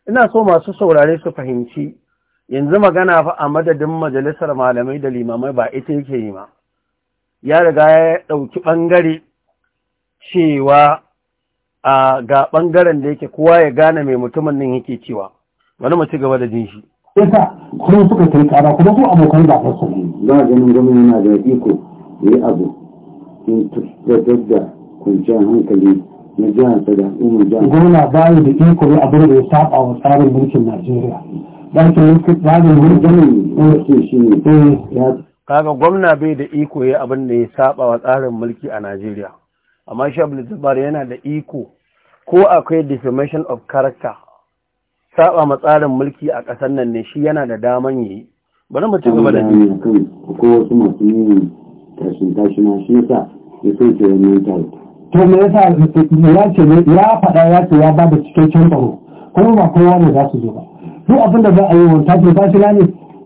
ina so masu saurare su fahimci yanzu magana fa a madadin majalisar malamai da limamai ba ita yake yi ma ya riga ya ɗauki ɓangare cewa a ga ɓangaren da yake kowa ya gane mai mutumin nan yake cewa wani mu ci gaba da jin shi yasa kuma suka kai kara kuma ko abokan ba su ba ganin gwamnati yana da iko yi abu in tabbatar da kwanciyar hankali na jihar da al'ummar jihar gwamna bayan da iko ya abu da ya saba wa tsarin mulkin najeriya kaga gwamna bai da iko ya abin da ya saba wa tsarin mulki a Najeriya amma shi Abdul Jabbar yana da iko ko akwai defamation of character saba ma tsarin mulki a ƙasar nan ne shi yana da daman yi bari mu ci gaba da ni ko wasu masu yin tashin da shi yasa ya so ke yi tare to me yasa ya ce ya faɗa ya ce ya ba da cikakken tsaro kuma ba kowa ne za su zo ba duk abin da za a yi wanta ce kafira ne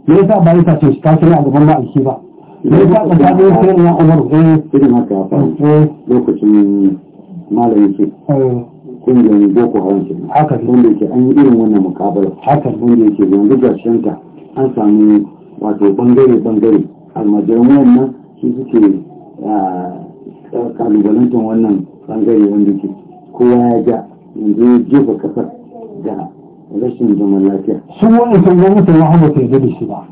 me yasa ba yasa ce shi kafira a gaban ma'aiki ba me yasa ka ta yi kiran ya umar ko. Eh. irin haka ya faru eh. lokacin malam ce eh. kungiyar boko hawan ke haka wanda yake an yi irin wannan mukabala haka wanda yake yanzu gashenta an samu wato bangare bangare almajiran wannan shi suke ah, kalubalantar wannan bangare wanda ke kowa ya ga yanzu jefa kasar da rashin zaman lafiya shi wani sun ga mutum ya hana ta yadda da shi ba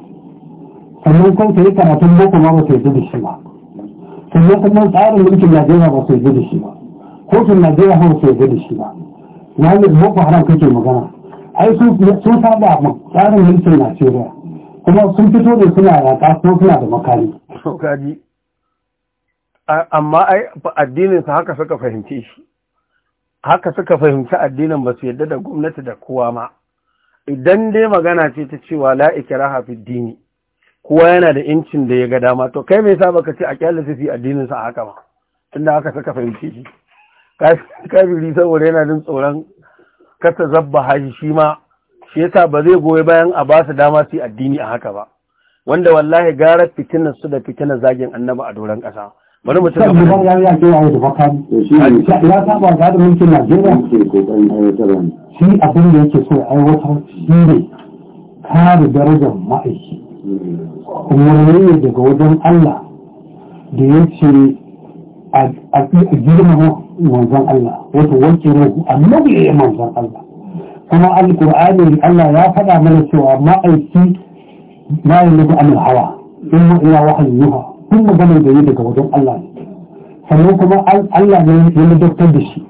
sannan kuma ta yi karatun boko ma ba ta yadda da shi ba sannan kuma tsarin mulkin najeriya ba ta yadda da shi ba kotun najeriya ba ta yadda da shi ba na yi boko haram kake magana ai sun saba ma tsarin mulkin najeriya kuma sun fito da suna yaƙa ko suna da makari. amma ai addininsa haka suka fahimce shi haka suka fahimci addinin ba su yadda da gwamnati da kowa ma idan dai magana ce ta cewa la ikraha fi dini kowa yana da incin da ya ga dama to kai mai sa baka ce a kyalla su addinin sa haka ma tunda haka suka fahimci shi kafiri saboda yana jin tsoron kasa zabba haji shi ma shi yasa ba zai goyi bayan a basu dama su addini a haka ba wanda wallahi gara fitinar su da fitinar zagin annaba a doron ƙasa bari mu tsaya mun ga ya ce ya da kan shi ya saba ga da mulkin Najeriya ke kokarin aiwatarwa shi abin da yake so aiwatar shi ne kare darajar ma'aiki kuma ne daga wajen Allah da ya yake a girma manzon Allah wato wanke ruhu annabi ya manzon Allah kuma alkur'ani Allah ya faɗa mana cewa ma'aiki ma yanzu an hawa in ma ila wahayi yuha duk maganar da yi daga wajen Allah ne sannan kuma Allah ne ya ladabtar da shi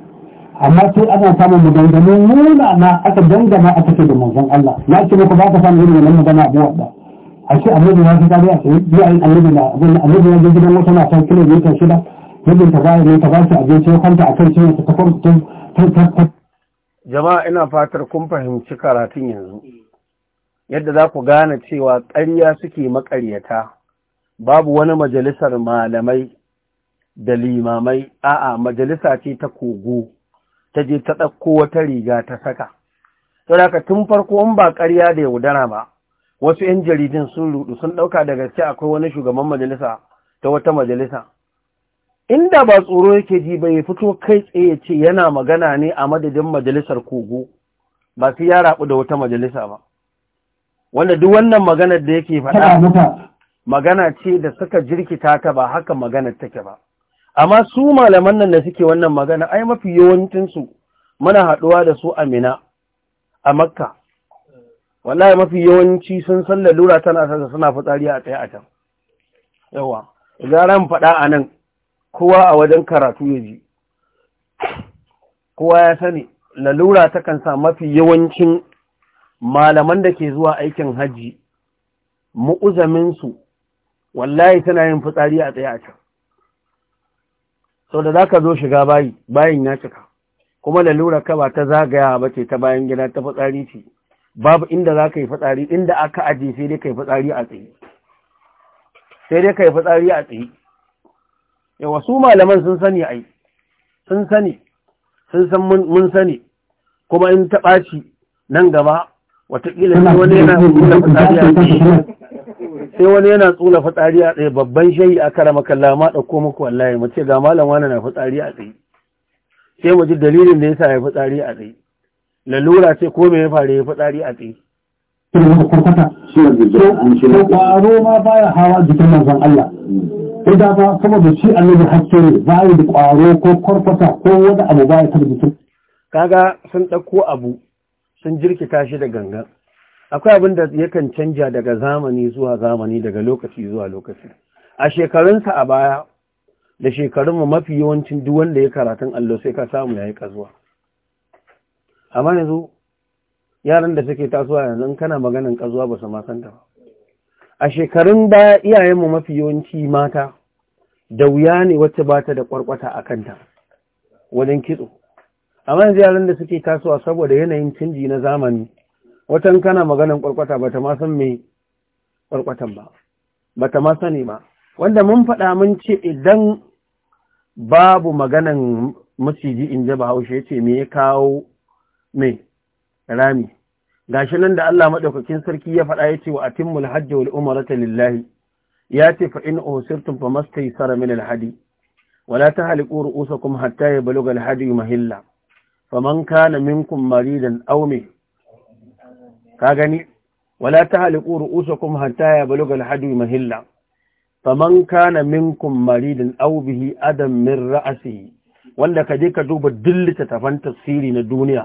amma sai ana samun maganganu nuna na aka dangana aka ce da manzon Allah ya ce muku ba ka samu irin wannan magana abu wadda a ce annabi ya fita da sai ya yi annabi da abin annabi ya je gidan wata na san kilo ne ta shida yadda ta ba ne ta ba shi abinci ya kwanta kan shi ta kwanta ta jama'a ina fatar kun fahimci karatun yanzu yadda za ku gane cewa ƙarya suke maƙaryata babu wani majalisar malamai da limamai a'a majalisa ce ta kogo ta je ta ɗauko wata riga ta saka saboda tun farko in ba ƙarya da yaudara ba wasu 'yan jaridin sun rudu sun ɗauka da gaske akwai wani shugaban majalisa ta wata majalisa inda ba tsoro yake ji bai fito kai tsaye ce yana magana ne a madadin majalisar kogo ba su ya rabu da wata majalisa ba wanda duk wannan maganar da yake faɗa magana ce da suka jirkita ta ba haka magana take ba amma su malaman nan da suke wannan magana ai mafi yawancinsu muna haduwa da su amina a makka wallahi mafi yawanci sun san lalura tana da suna fitsari a tsaye a can yawa zaran faɗa a nan kowa a wajen karatu ya ji kowa ya sani lalura takan sa mafi yawancin malaman da ke zuwa aikin hajji su. wallahi tana yin fitsari a tsaye a can sau da za ka zo shiga bayi bayin ya cika kuma lalura ka ba ta zagaya ba ce ta bayan gida ta fitsari ce babu inda za ka yi fitsari inda aka aji sai dai ka yi fitsari a tsaye sai dai ka yi fitsari a tsaye yawa su malaman sun sani yi sun sani sun san mun sani kuma in ta ɓaci nan gaba watakila wani yana da fitsari a tsaye sai wani yana tsula fitsari a tsaye babban shayi a kara makalla ma ɗauko muku wallahi mu ce ga malam wani na fitsari a tsaye sai mu ji dalilin da yasa ya fitsari a tsaye lalura ce ko me ya faru ya fitsari a tsaye ko kwaro ma baya hawa jikin manzon Allah ida ba saboda shi annabi hakke ne baya da ƙwaro ko korfata ko wani abu baya ta jikin kaga sun ɗauko abu sun jirkita shi da gangan akwai abin da yakan canja daga zamani zuwa zamani daga lokaci zuwa lokaci a shekarunsa a baya da shekarunmu mafi yawancin duk wanda ya karatun allo sai ka samu ya yi kazuwa amma yanzu yaran da suke tasowa yanzu kana maganin kazuwa ba su ma san ta ba a shekarun baya iyayenmu mafi yawanci mata da wuya ne wacce ba ta da kwarkwata a kanta wajen kitso amma yanzu yaran da suke tasowa saboda yanayin canji na zamani watan kana maganan ƙwarƙwata ba ta ma san me ƙwarƙwatan ba ba ta ma sani ba wanda mun faɗa mun ce idan babu maganan maciji in ji bahaushe ce me ya kawo mai rami gashi nan da Allah maɗaukakin sarki ya faɗa ya ce wa atimul hajji wal umarata lillahi ya ce fa in usirtum fa mastaysara min al hadi wala tahliqu ru'usakum hatta ya al hadi mahilla man kana minkum maridan aw min ka gani wala ta tahliqu ru'usakum hatta yablugha al-hadu mahilla faman kana minkum maridin aw bihi adam min ra'sihi wanda ka je ka duba dillita tafan tafsiri na duniya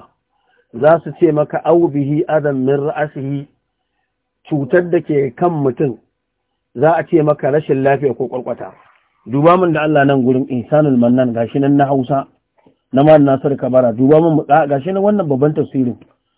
za su ce maka aw bihi adam min ra'sihi cutar da ke kan mutum za a ce maka rashin lafiya ko kwarkwata duba min da Allah nan gurin insanul mannan gashi nan na Hausa na mal nasir kabara duba min gashi nan wannan babban tafsirin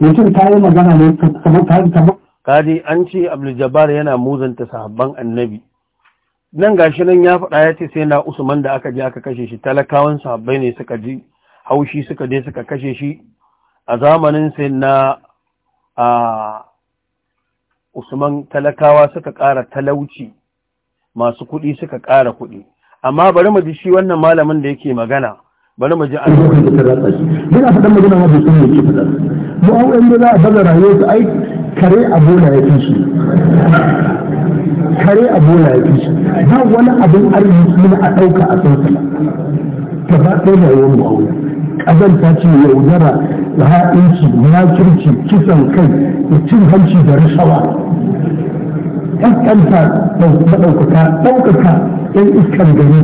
mutum ta yi magana ne kamar ta yi kamar kadi an ce abdul yana muzanta sahabban annabi nan ga shi nan ya faɗa ya ce sai na usman da aka je aka kashe shi talakawan sahabbai ne suka ji haushi suka je suka kashe shi a zamanin sai na a usman talakawa suka ƙara talauci masu kuɗi suka ƙara kuɗi amma bari mu ji shi wannan malamin da yake magana bari mu ji an yi da ratsa shi duk faɗan magana faɗa wani za a baza a bola a bola ya fi ba wani abin arziki na a ɗauka a ɗaya mu ƙazanta ce yaudara ha'inci kisan kai da cin hanci da rashawa ƙanƙanta ɗaukaka ɗaukaka ɗan iskan gari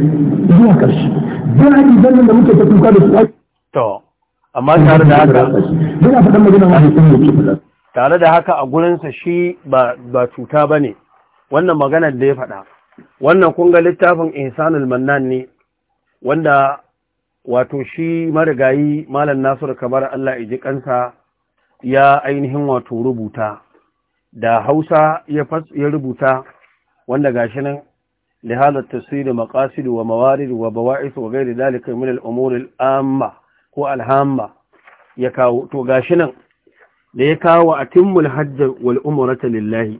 zuwa ƙarshe da muke ta da su to amma tare da haka tare da haka a gurinsa shi ba cuta ba ne wannan maganar da ya faɗa wannan kunga littafin insanul mannan ne wanda wato shi marigayi malam nasiru kamar Allah iji kansa ya ainihin wato rubuta da hausa ya rubuta wanda gashi لهذا التفسير مقاصد وموارد وبواعث وغير ذلك من الأمور الآمة هو الهامة يكاو توغاشنا ليكاو أتم الحج والأمرة لله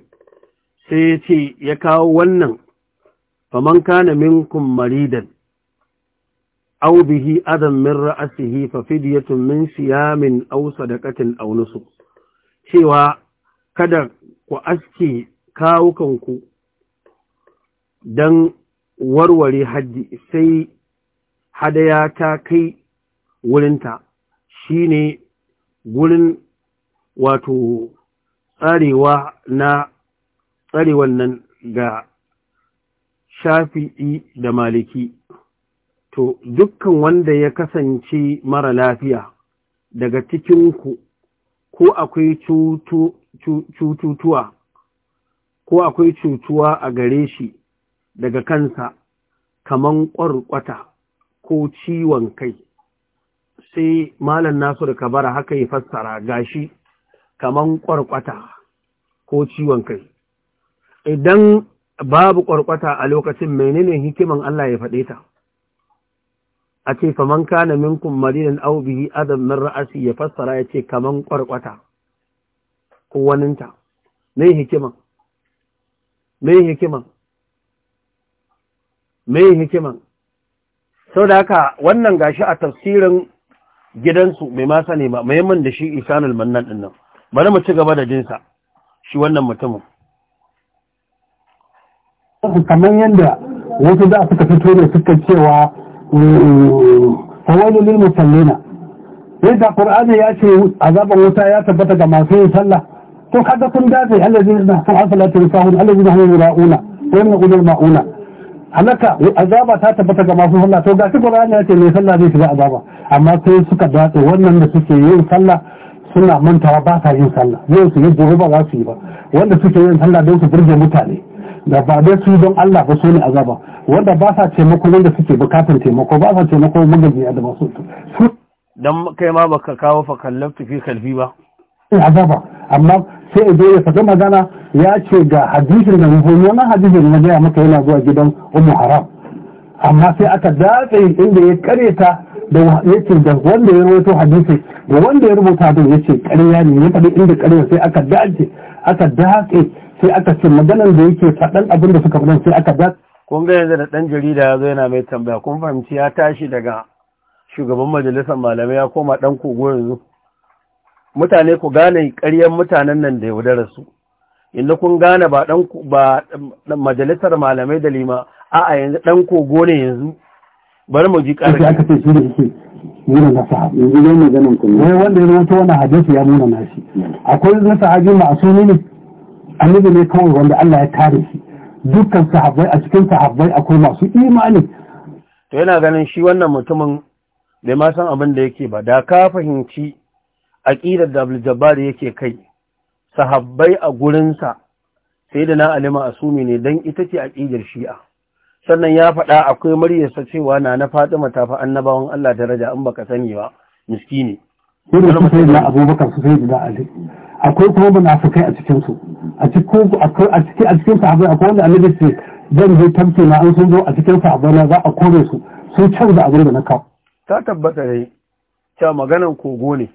سيتي يكاو ونن فمن كان منكم مريدا أو به أذى من رأسه ففدية من صيام أو صدقة أو نسك cewa kada ku aske kawukanku don warware haddi sai hadaya ta kai wurinta shi ne gurin wato tsarewa na tsarewan nan ga shafi'i da maliki to dukkan wanda ya kasance mara lafiya daga cikinku ko akwai cututuwa ko akwai cutuwa a gare shi daga kansa kaman ƙwarƙwata ko ciwon kai sai malam nasu da kabara haka ya fassara gashi kaman ƙwarƙwata ko ciwon kai idan babu ƙwarƙwata a lokacin menene hikiman Allah ya faɗe ta a ce faman kana minkum marinan aw bihi adam min ra'asi ya fassara ya ce kaman ƙwarƙwata ko waninta me hikiman me hikiman mai hikiman sau da haka wannan gashi a tafsirin gidansu mai ma sani ba mai yamman da shi isanul mannan ɗin nan bari mu ci gaba da jinsa shi wannan mutumin kamar yadda wasu da suka fito da suka cewa mm, mm, fawailu lil musallina yadda qur'ani ya ce azaban wuta ya tabbata ga masu yin sallah to kaga kun dace allazina hum asalatul sahun allazina hum rauna wa yamnaqul mauna halaka azaba ta tabbata ga masu sallah to gashi Qur'ani ya ce mai sallah zai shiga azaba amma sai suka dace wannan da suke yin sallah suna mantawa ba sa yin sallah yau su yi gobe ba za su yi ba wanda suke yin sallah don su burge mutane da ba dai su don Allah ba su ne azaba wanda ba sa taimako wanda suke bukatan taimako ba sa taimako magaji da masu dan kai ma baka kawo fa kallaftu fi kalbi ba eh, azaba amma sai zo ya faɗi magana ya ce ga hadisin da muhimmi wannan hadisin na gaya maka yana zuwa gidan umu haram amma sai aka datse inda ya ta da yake da wanda ya rubuta hadisi da wanda ya rubuta don ce karya ne ya faɗi inda ƙarya sai aka datse aka datse sai aka ce maganar da yake faɗan abin da suka faɗan sai aka datse kun ga yanzu da ɗan jarida ya zo yana mai tambaya kun fahimci ya tashi daga shugaban majalisar malamai ya koma ɗan kogo yanzu mutane ku gane ƙaryen mutanen nan da yaudara su inda kun gane ba majalisar malamai da lima a a yanzu dan kogo ne yanzu bari mu ji ƙarar da kace shi ne shi nuna na sahabi yanzu zai maganin ku ne wanda ya rawaito wani hadisi ya nuna na shi akwai na sahabi ma'asumi ne annabi ne kawai wanda Allah ya kare shi dukkan sahabbai a cikin sahabbai akwai masu imani to yana ganin shi wannan mutumin bai ma san abin da yake ba da ka fahimci aƙidar da abdul yake kai sahabbai a gurinsa sai da na alima a asumi ne don ita ce aƙidar shi'a sannan ya faɗa akwai muryarsa cewa na na faɗi ta fi annabawan Allah daraja in baka sani ba miskini sai da abubakar su sai da ali akwai kuma munafikai a cikin su a cikin a cikin a cikin sahabbai akwai wanda annabi ce zan je tabke na an sun zo a cikin sahabbai na za a kore su sun canza abin da na kawo ta tabbata ne cewa maganan kogo ne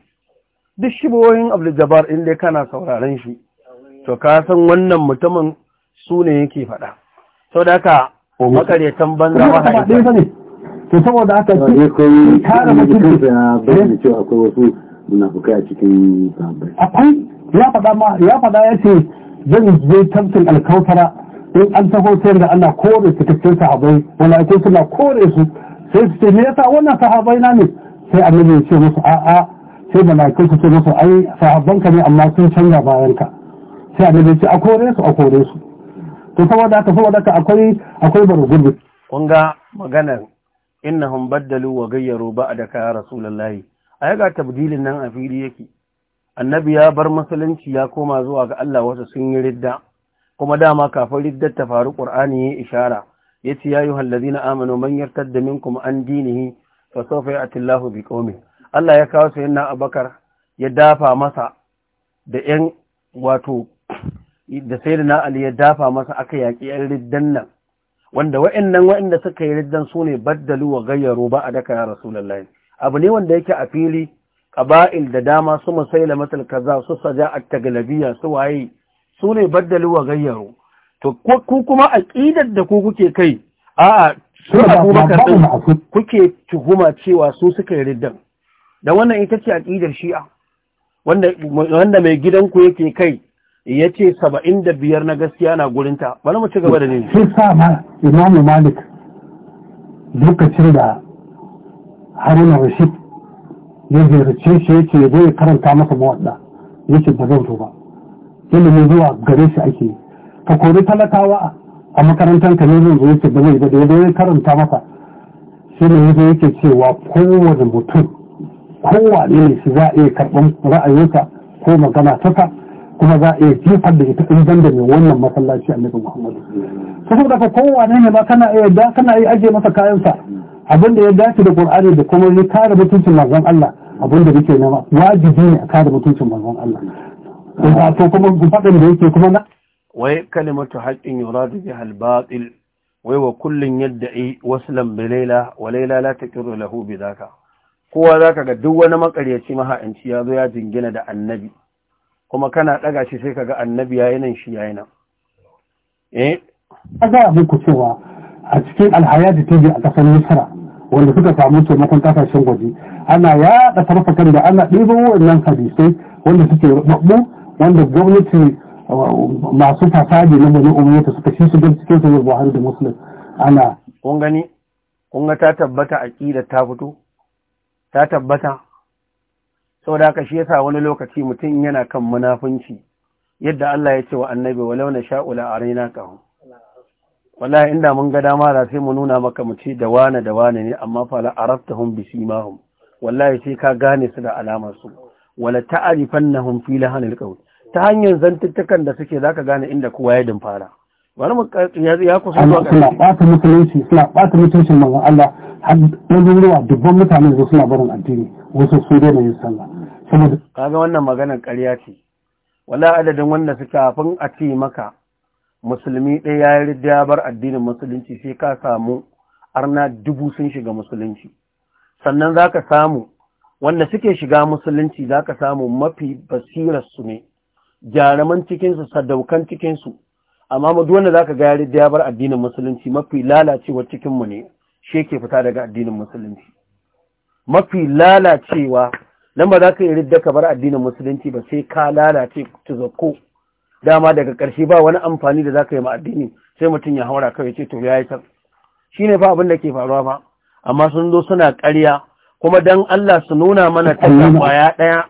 duk shibohin abdul in dai kana sauraren shi to ka san wannan mutumin su ne yake faɗa sau da aka makaretan banza mahaifar to saboda aka ya eh? a cikin akwai ya faɗa ya ce zan je tafsir alkautara in an taho sayar da ana kore su sahabai sahabbai mala'iku suna kore su sai su ce me yasa wannan sahabai na ne sai annabi ya ce musu a'a sai makin su ce musu ai sahabbanka ne amma sun canza bayanka sai a ce a kore su a kore su to saboda haka saboda ka akwai akwai bargudu kun ga maganar innahum baddalu wa gayyaru ba'da ka rasulullahi ai ga tabdilin nan a fili yake annabi ya bar musulunci ya koma zuwa ga Allah wasu sun yi ridda kuma dama kafin riddar ta faru qur'ani ya ishara yace ya ayyuhallazina amanu man yartadda minkum an dinihi fa sawfa ya'ti Allahu biqaumin Allah ya kawo sayin na abakar ya dafa masa da ‘yan wato da sai na Ali ya dafa masa aka yaƙi ‘yan riddan nan, wanda wa'in da suka yi riddan su ne baddalu wa gayyaro ba a daka ya Rasulallah. Abu ne wanda yake a fili, ƙaba'il da dama su musaila matal kaza su saja a tagalabiya su waye su ne baddalu wa gayyaro. To, ku kuma a ƙidar da ku kuke kai, a'a, su abubakar ɗin kuke tuhuma cewa su suka yi riddan. da wannan ita ce aƙidar shi'a wanda mai gidanku yake kai ya ce saba'in da biyar na gaskiya na gurinta bari mu ci gaba da ne shi sa ma imamu malik lokacin da harin rashid ya ziyarce shi ya ce zai karanta masa mawaɗa ya ce ba zan so ba ilimin zuwa gare shi ake ka kori talakawa a makarantar ka ne zan zo ya ce ba zai ba da ya karanta masa shi ne ya zo yake cewa kowane mutum kowane ne shi za a iya karɓar ra'ayinsa ko magana ta taka kuma za a iya jefar da ita in da mai wannan masallaci annabi muhammadu saboda ka kowane ne ba kana iya da kana iya ajiye masa kayansa abin da ya dace da qur'ani da kuma ya kare mutuncin manzon Allah abin da muke nema wajibi ne a kare mutuncin manzon Allah wato kuma faɗin da yake kuma na wai kalimatu haqqin yuradu bihal batil wai wa kullun yadda'i waslan bilaila wa laila la takiru lahu bidaka kowa za ka ga duk wani makaryaci maha'inci ya zo ya jingina da annabi kuma kana ɗaga shi sai ka ga annabi ya yi nan shi ya yi nan eh a muku cewa a cikin alhaya da tabi a ƙasar misra wanda suka samu taimakon kasashen waje ana yaɗa farfakan da ana ɗibo wannan hadisai wanda suke rubabbu wanda gwamnati uh, masu fasadi na wani umayyata suka shi su don cikin sahih buhari da musulun ana kun gani kun ga ta tabbata aƙidar ta fito ta tabbata sau da haka shi yasa wani lokaci mutum yana kan munafunci yadda Allah ya ce wa annabi walau na sha'ula a raina ƙahu wallahi inda mun ga dama da sai mu nuna maka mu ce da wane da wane ne amma fa la araftahum bi simahum wallahi sai ka gane su da alamar su wala ta'rifannahum fi lahanil qawl ta hanyar zantuttukan da suke zaka gane inda kowa ya dumfara bari mu ya ya kusa zuwa suna bata mutunci suna bata mutuncin manzon Allah har yanzu ruwa dubban mutane su suna barin addini wasu su daina yin sallah saboda kaga wannan maganar ƙarya ce wala adadin wanda su kafin a ce maka musulmi ɗaya ya yi ya bar addinin musulunci sai ka samu arna dubu sun shiga musulunci sannan za ka samu wanda suke shiga musulunci za ka samu mafi basirarsu ne jaraman cikinsu sadaukan cikinsu amma duk wanda zaka ga yari ya bar addinin musulunci mafi lalacewa cikin mu ne shi yake fita daga addinin musulunci mafi lalacewa nan ba za ka yi ridda ka bar addinin musulunci ba sai ka lalace zako dama daga ƙarshe ba wani amfani da za ka yi ma addini sai mutum ya haura kawai ce to ya yi tar shi ne fa abin da ke faruwa ba amma sun zo suna ƙarya kuma dan Allah su nuna mana talla kwaya ɗaya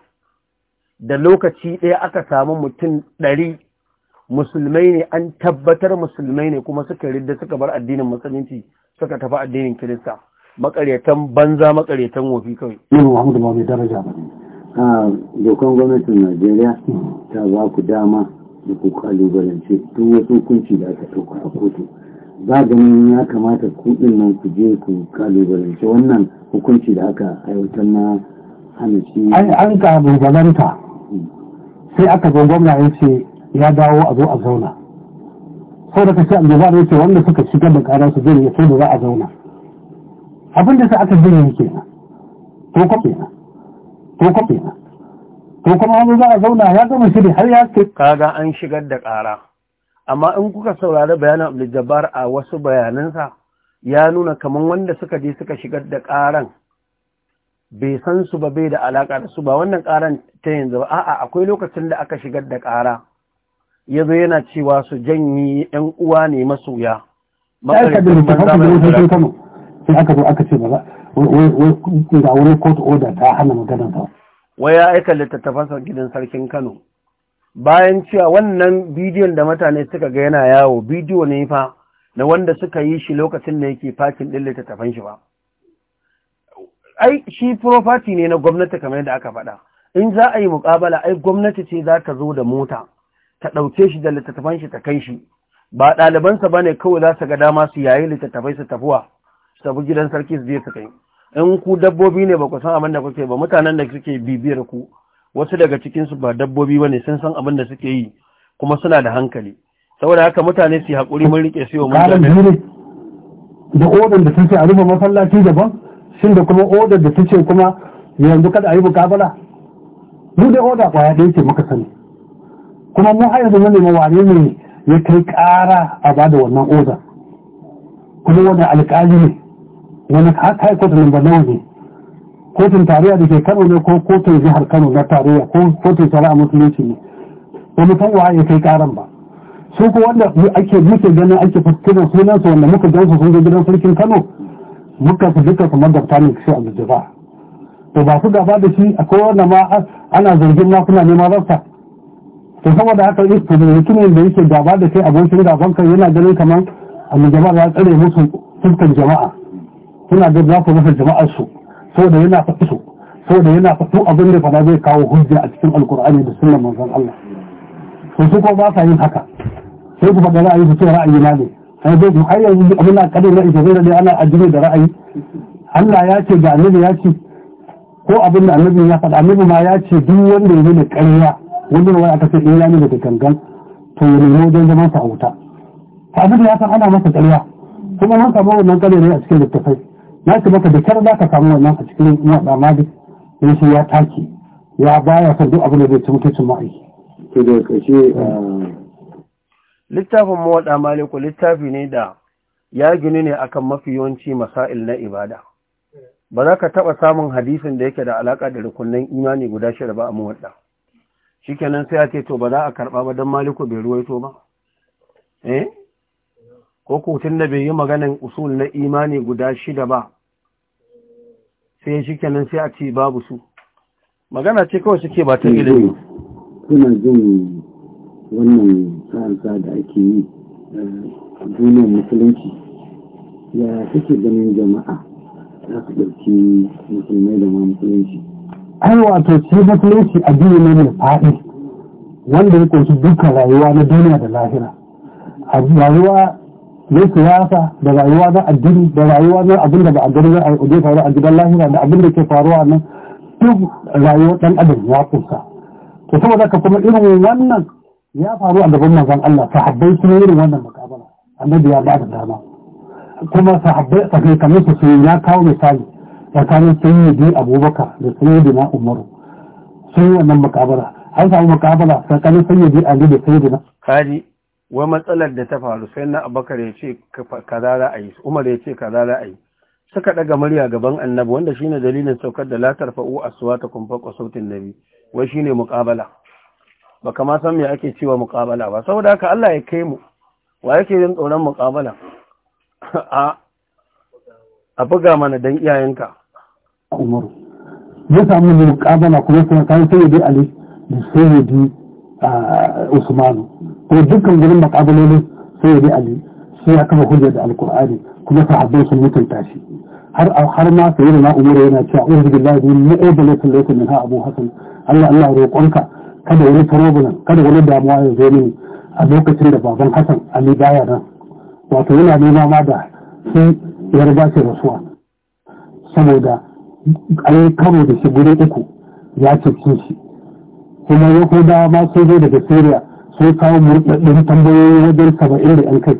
da lokaci ɗaya aka samu mutum ɗari musulmai ne an tabbatar musulmai ne kuma suka ridda suka bar addinin musulunci suka tafi addinin kirista makaryatan banza makaryatan wofi kawai yin muhammadu ba mai daraja ba a dokan gwamnatin najeriya ta ba ku dama da ku kalubalance duk wasu hukunci da aka ɗauka a kotu ba ganin ya kamata kuɗin nan ku je ku kalubalance wannan hukunci da aka aiwatar na hana shi an kalubalanta hmm. sai aka zo gwamna ya ce ya dawo a zo a zauna sau da kashe abu zaɓa yake wanda suka shigar da ƙara su zai yake da za a zauna abin da sa aka janye ke nan to kwa kenan to kwa kenan to kuma wani za a zauna ya gama shiri har ya ce kaga an shigar da ƙara amma in kuka saurari bayanan abu jabbar a wasu bayanansa ya nuna kamar wanda suka je suka shigar da ƙaran bai san su ba bai da alaƙa da su ba wannan ƙaran ta yanzu ba a'a akwai lokacin da aka shigar da ƙara ya zo yana cewa su janyi ‘yan uwa ne masoya. Makarantar aika littattafansa gidan sarkin Kano. Bayan cewa wannan bidiyon da mutane suka ga yana yawo, bidiyo ne fa na wanda suka yi shi lokacin da yake fakin ɗin littattafan shi ba. Ai, shi property ne na gwamnati kamar yadda aka faɗa. In za a yi muƙabala, ai gwamnati ce za ta zo da mota. ta ɗauke shi da littattafan shi ta kai shi ba ɗalibansa ba ne kawai za su ga dama su yayi littattafai su tafuwa su tafi gidan sarki su je su kai in ku dabbobi ne ba ku san abin da kuke ba mutanen da suke bibiyar ku wasu daga cikinsu ba dabbobi ba ne sun san abin da suke yi kuma suna da hankali saboda haka mutane su yi haƙuri mun riƙe su wa mutane da odar da ce a rufe masallaci daban shin da kuma odar da ce kuma yanzu kada a yi mukabala mu dai odar ƙwaya ɗaya ce muka sani kuma mu har da wani wane ne ya kai ƙara a ba da wannan oda kuma wani alƙali ne wani haka kotu lambar nawa ne kotun tarayya da ke kano ne ko kotun jihar kano na tarayya ko kotun shari'a musulunci ne ba mu san ya kai ƙaran ba su ko wanda ake muke ganin ake fuskunan sunan su wanda muka gansu sun je gidan sarkin kano muka su duka kamar dafta ne shi abdul to ba su gaba da shi akwai wanda ma ana zargin ma kuna neman rasa to saboda haka ita da mutumin da yake gaba da kai abokin gaban kai yana ganin kamar annabawa ya tsare musu fuskan jama'a suna da za ku masa jama'ar su saboda yana faɗi su saboda yana faɗo abin da fada zai kawo hujja a cikin alkur'ani da sunnan manzon Allah to su ko ba sa yin haka sai ku faɗa ra'ayi su ce ra'ayi na ne sai dai ku har yanzu abin da ra'ayi na ita da ana ajiye da ra'ayi Allah ya ce ga annabi ya ce ko abin da annabi ya faɗa annabi ma ya ce duk wanda ya da ƙarya wanda wai aka ce ɗaya ne daga gangan to ya nemi wajen zaman sa a wuta ta abin da ya san ana masa ƙarya kuma an samu wannan ƙarya ne a cikin littafai na ce maka da kyar za ka samu wannan a cikin wadda malik ya shi ya taki ya baya son duk abin da zai ci mutuncin ma'aiki. to da ƙarshe eh. ah, littafin mawaɗa maliku littafi ne da ya gini ne akan mafi yawanci masail na ibada ba za ka taɓa samun hadisin da yake da alaƙa da rukunin imani guda shida ba a mawaɗa shikenan sai a ce to ba za a karɓa ba don maliku bai ruwaito ba eh ko kotun da bai yi maganin usul na imani guda shida ba sai shikenan sai a ce babu su magana ce kawai suke ba ta ilimi kuna jin wannan sa'arsa da ake yi a eh, duniyar musulunci ya suke ganin jama'a za su ɗauki musulmai da ma musulunci ai wato sai a biyu ne mai faɗi wanda ya ƙunshi duka rayuwa na duniya da lahira a rayuwa na siyasa da rayuwa na addini da rayuwa na abin da ba a gani a zai faruwa a gidan lahira da abin da ke faruwa nan duk rayuwar ɗan adam ya kusa to saboda ka kuma irin wannan ya faru a gaban manzon Allah sahabbai sun irin wannan mukabala annabi ya ba da dama kuma sahabbai sahabbai kamar su sun ya kawo misali tsakanin biyu, abubakar da sayyidi na umaru sun yi wannan makabara an samu makabara tsakanin sayyidi ali da sayyidi na kaji wa matsalar da ta faru sai na abubakar ya ce kaza za a yi umar ya ce kaza za a yi suka ɗaga murya gaban annabi wanda shine dalilin saukar da la tarfa'u ta fawqa sautin nabi wai shine muqabala baka ma san me ake cewa muqabala ba saboda haka Allah ya kai mu wa yake yin tsoron muqabala a a buga mana dan iyayenka umaru ya samu ne kuma sai kayan sai dai ali da sai dai usmanu ko dukkan gurin makabalolin sai dai ali sai ya kafa hujja da alqur'ani kuma sahabbai sun mutunta shi har har ma sai na umar yana cewa a'udhu billahi da lokacin lokacin min abu hasan Allah Allah roƙonka kada wani problem kada wani damuwa ya zo mini a lokacin da baban hasan Ali baya nan wato yana nema ma da sun yarda shi rasuwa saboda an yi karo da shi guri uku ya cece shi kuma yahudawa ma sun zo daga syria sun kawo murɗaɗɗen tambayoyi wajen saba'in da yan kai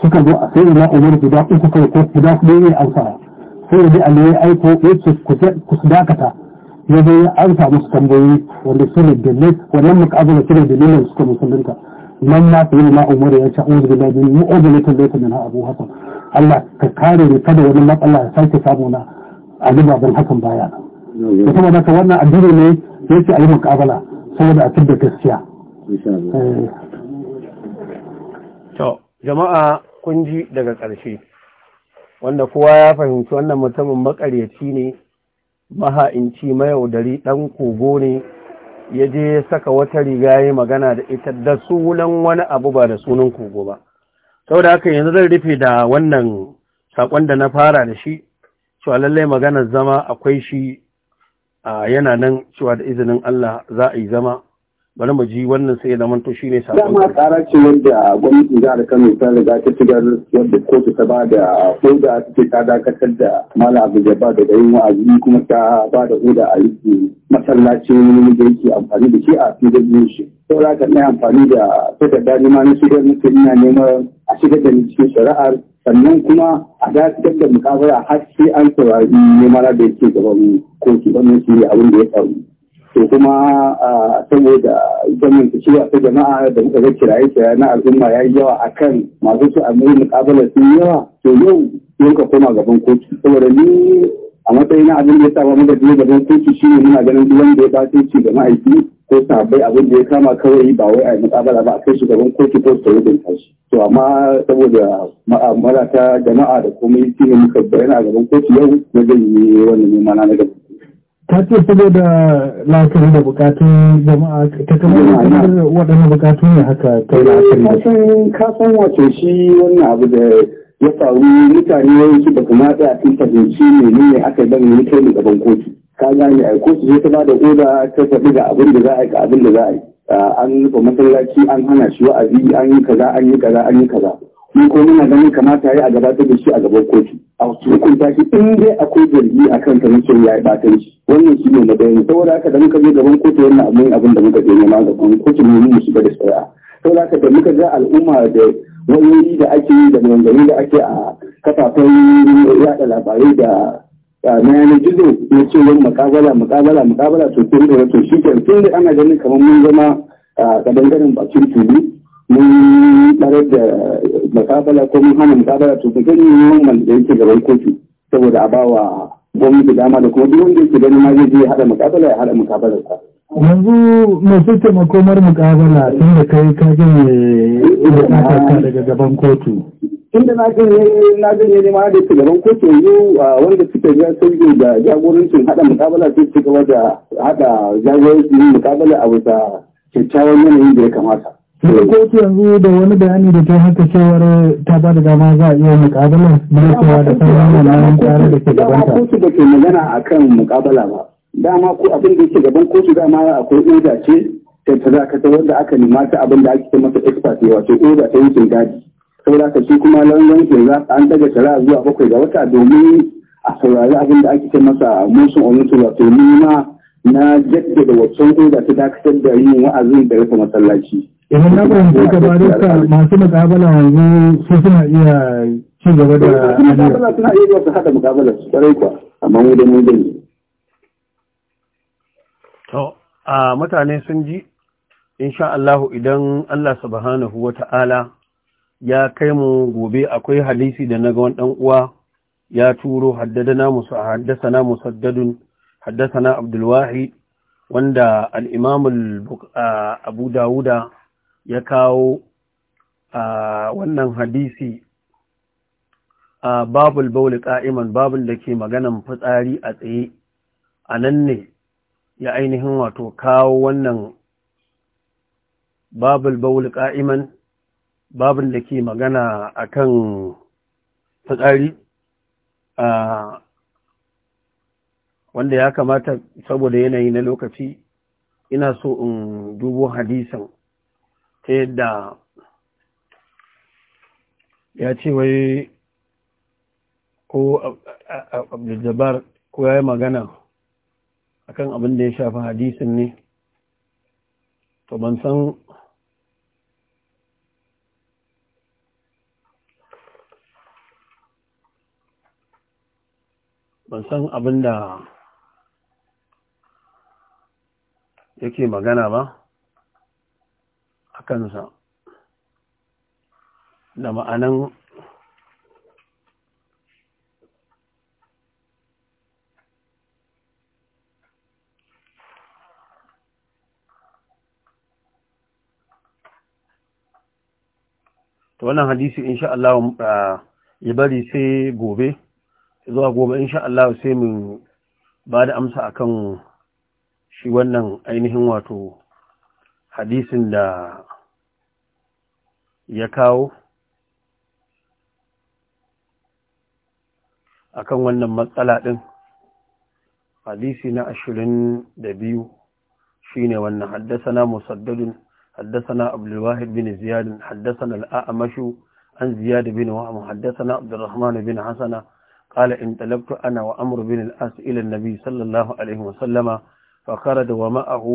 suka zo a sai na umar guda uku kai ko guda hudu ne an fara sai da ali ya aiko yace ku dakata ya zo ya amsa musu tambayoyi wanda su ne dalil wannan muƙabala su ne dalilin suka musulunta nan ma sai na umar ya ce a'udhu billahi min mu'adalatin laysa na abu hasan Allah ka kare ni kada wani matsala ya sake samu na abin ban hakan baya da kuma maka wannan addini ne ce a yi mukabala saboda a da gaskiya eh. to jama'a kun ji daga ƙarshe wanda kowa ya fahimci wannan mutumin makaryaci ne maha'inci mayaudari dan kogo ne ya je ya saka wata riga ya magana da ita da sunan wani abu ba da sunan kogo ba saboda haka yanzu zan rufe da wannan sakon da na fara da shi a lallai maganar zama akwai shi yana nan cewa da izinin Allah za a yi zama bari mu ji wannan sai ya zama to shine sabon dama tsara ce wanda gwamnatin jihar Kano ta riga ta tigar wanda kotu ta ba da hoda take ta dakatar da Malam Abdul da daga yin wa'azi kuma ta ba da hoda a masallaci masallacin da yake amfani da shi a cikin shi za ka ne amfani da da ne ma na shigar mutum ina neman a shigar da ni cikin shari'ar sannan kuma a da dakatar da mukabara har sai an saurari neman da yake gaban kotu wannan shi abin da ya faru to kuma saboda zamantakewa ta jama'a da muka ga kiraye kiraye na al'umma ya yi yawa akan masu su amuri muƙabala sun yawa to yau yau ka koma gaban kotu saboda ni a matsayin abin da ya samu da biyu gaban kotu shi ne muna ganin duk wanda ya ba ci ga aiki ko sabai abin da ya kama kawai ba wai a yi mukabala ba a kai shi gaban kotu ko su da tashi to amma saboda ma'amala ta jama'a da komai shi ne muka bayyana a gaban kotu yau na zai yi wannan nema na gaban ta ce saboda la'akari da bukatun jama'a ta kamar waɗannan bukatu ne haka ta la'akari da su. Eh, Kasan wace shi wannan abu da ya faru mutane su ba kuma da sun fahimci ne aka yi bane kai da gaban kotu. Ka gane a kotu sai ta da oda ta tafi ga abin da za a yi ga abin da za a yi. Ah, an rufe masallaci an hana shi wa'azi an yi kaza an yi kaza an yi kaza. ko muna ganin kamata ya yi a gabatar da shi a gaban kotu. a wasu hukunta shi in dai akwai zargi a kan ta mutum ya yi batanci wannan shi ne na bayani saboda haka da muka je gaban kotu wannan abin abin da muka je nema gaban kotu ne mu shiga da shari'a saboda haka da muka ga al'umma da wayoyi da ake yi da maganganu da ake a kafafen yada labarai da na yanar gizo na cewa mukabala mukabala mukabala to kun da wato shi ke tun da ana ganin kamar mun zama a ah, kadangarin bakin tulu mun tsarar da makabala ko mun hana makabala to da gani normal da yake gaban kotu saboda a bawa gwamnati dama da kuma duk wanda yake gani ma zai je ya haɗa makabala ya haɗa makabalar sa. yanzu masu taimakomar mukabala tun da kai ka gane bukatarka daga gaban kotu. inda na ganye na ganye ne ma da ke gaban kotu yanzu wanda suka ga sauye da jagorancin haɗa mukabala sai suka gaba da haɗa jagorancin mukabala a bisa kyakkyawan yanayin da ya kamata. da kotu yanzu da wani bayani da ta haka cewar ta ba da dama za a iya mukabala da cewa da sauran wannan tsare da ke gabanta. Dama kotu da ke magana a kan mukabala ba. Dama ko abin da ke gaban kotu dama akwai oda ce ta ta wanda aka nema ta abin da ake masa expert ne wato oda ta yankin gadi. Saboda ka shi kuma lauyan ke za an daga shari'a zuwa bakwai ga wata domin a saurari abin da ake masa motion oriented wato nima na jaddada waccan oda ta dakatar da yin wa'azin da rufe masallaci. idan na fahimci ka ba duka masu mukabala yanzu su suna iya ci gaba da mukabala suna iya zuwa su haɗa mukabala su kwarai kwa amma mu da mu da to a mutane sun ji insha Allah idan Allah subhanahu wata'ala ya kai mu gobe akwai hadisi da na wani dan uwa ya turo haddadana musu haddasana musaddadun haddasana abdul wahid wanda al-imam abu dawuda ya kawo a wannan hadisi a babul bauli ka'iman babul da ke maganan fitsari a tsaye a nan ne ya ainihin wato kawo wannan babul bauli ka'iman babul da ke magana a kan fitsari a wanda ya kamata saboda yanayi na lokaci ina so in dubo hadisan ta yadda ya ce wai ko abduljabar ko ya yi magana akan abin da ya shafi hadisin ne to ban san ban san abin da yake magana ba a kansa da ma'anan wannan hadisi insha Allah ya bari sai gobe zuwa gobe insha Allah sai mun ba da amsa akan shi wannan ainihin wato hadisin da ya kawo akan wannan matsala ɗin hadisi na ashirin da biyu shine wannan haddasana musaddadun haddasana abdulwahid bin ziyad haddasana al'amashu an ziyad bin wa'am haddasana abdurrahman bin hasana قال إن طلبت أنا وأمر بن الأس إلى النبي صلى الله عليه وسلم فخرج ومعه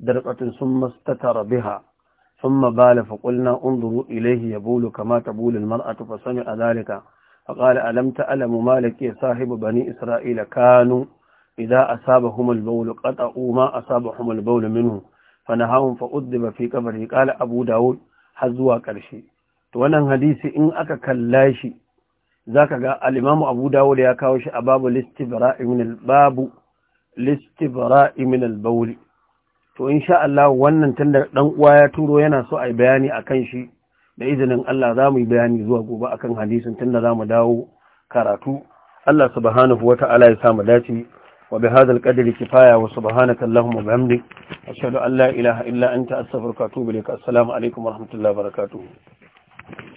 درقة ثم استتر بها ثم بال فقلنا انظروا إليه يبول كما تبول المرأة فسمع ذلك فقال ألم تألم مالك يا صاحب بني إسرائيل كانوا إذا أصابهم البول قطعوا ما أصابهم البول منه فنهاهم فأدب في قبره قال أبو داود حزوا كرشي wannan هديسي إن أكا كلايشي ذاك الإمام أبو al يا Abu أباب الاستبراء من الباب الاستبراء من البول to sha Allah wannan tunda dan uwa ya turo yana so a yi bayani akan shi da izinin Allah za mu yi bayani zuwa gobe akan hadisin tunda za mu dawo karatu Allah subhanahu wata'ala ya samu dace wa bi hadzal qadri kifaya wa subhanaka allahumma wa bihamdik ashhadu an la ilaha illa anta astaghfiruka wa atubu ilaik assalamu alaikum wa rahmatullahi wa barakatuh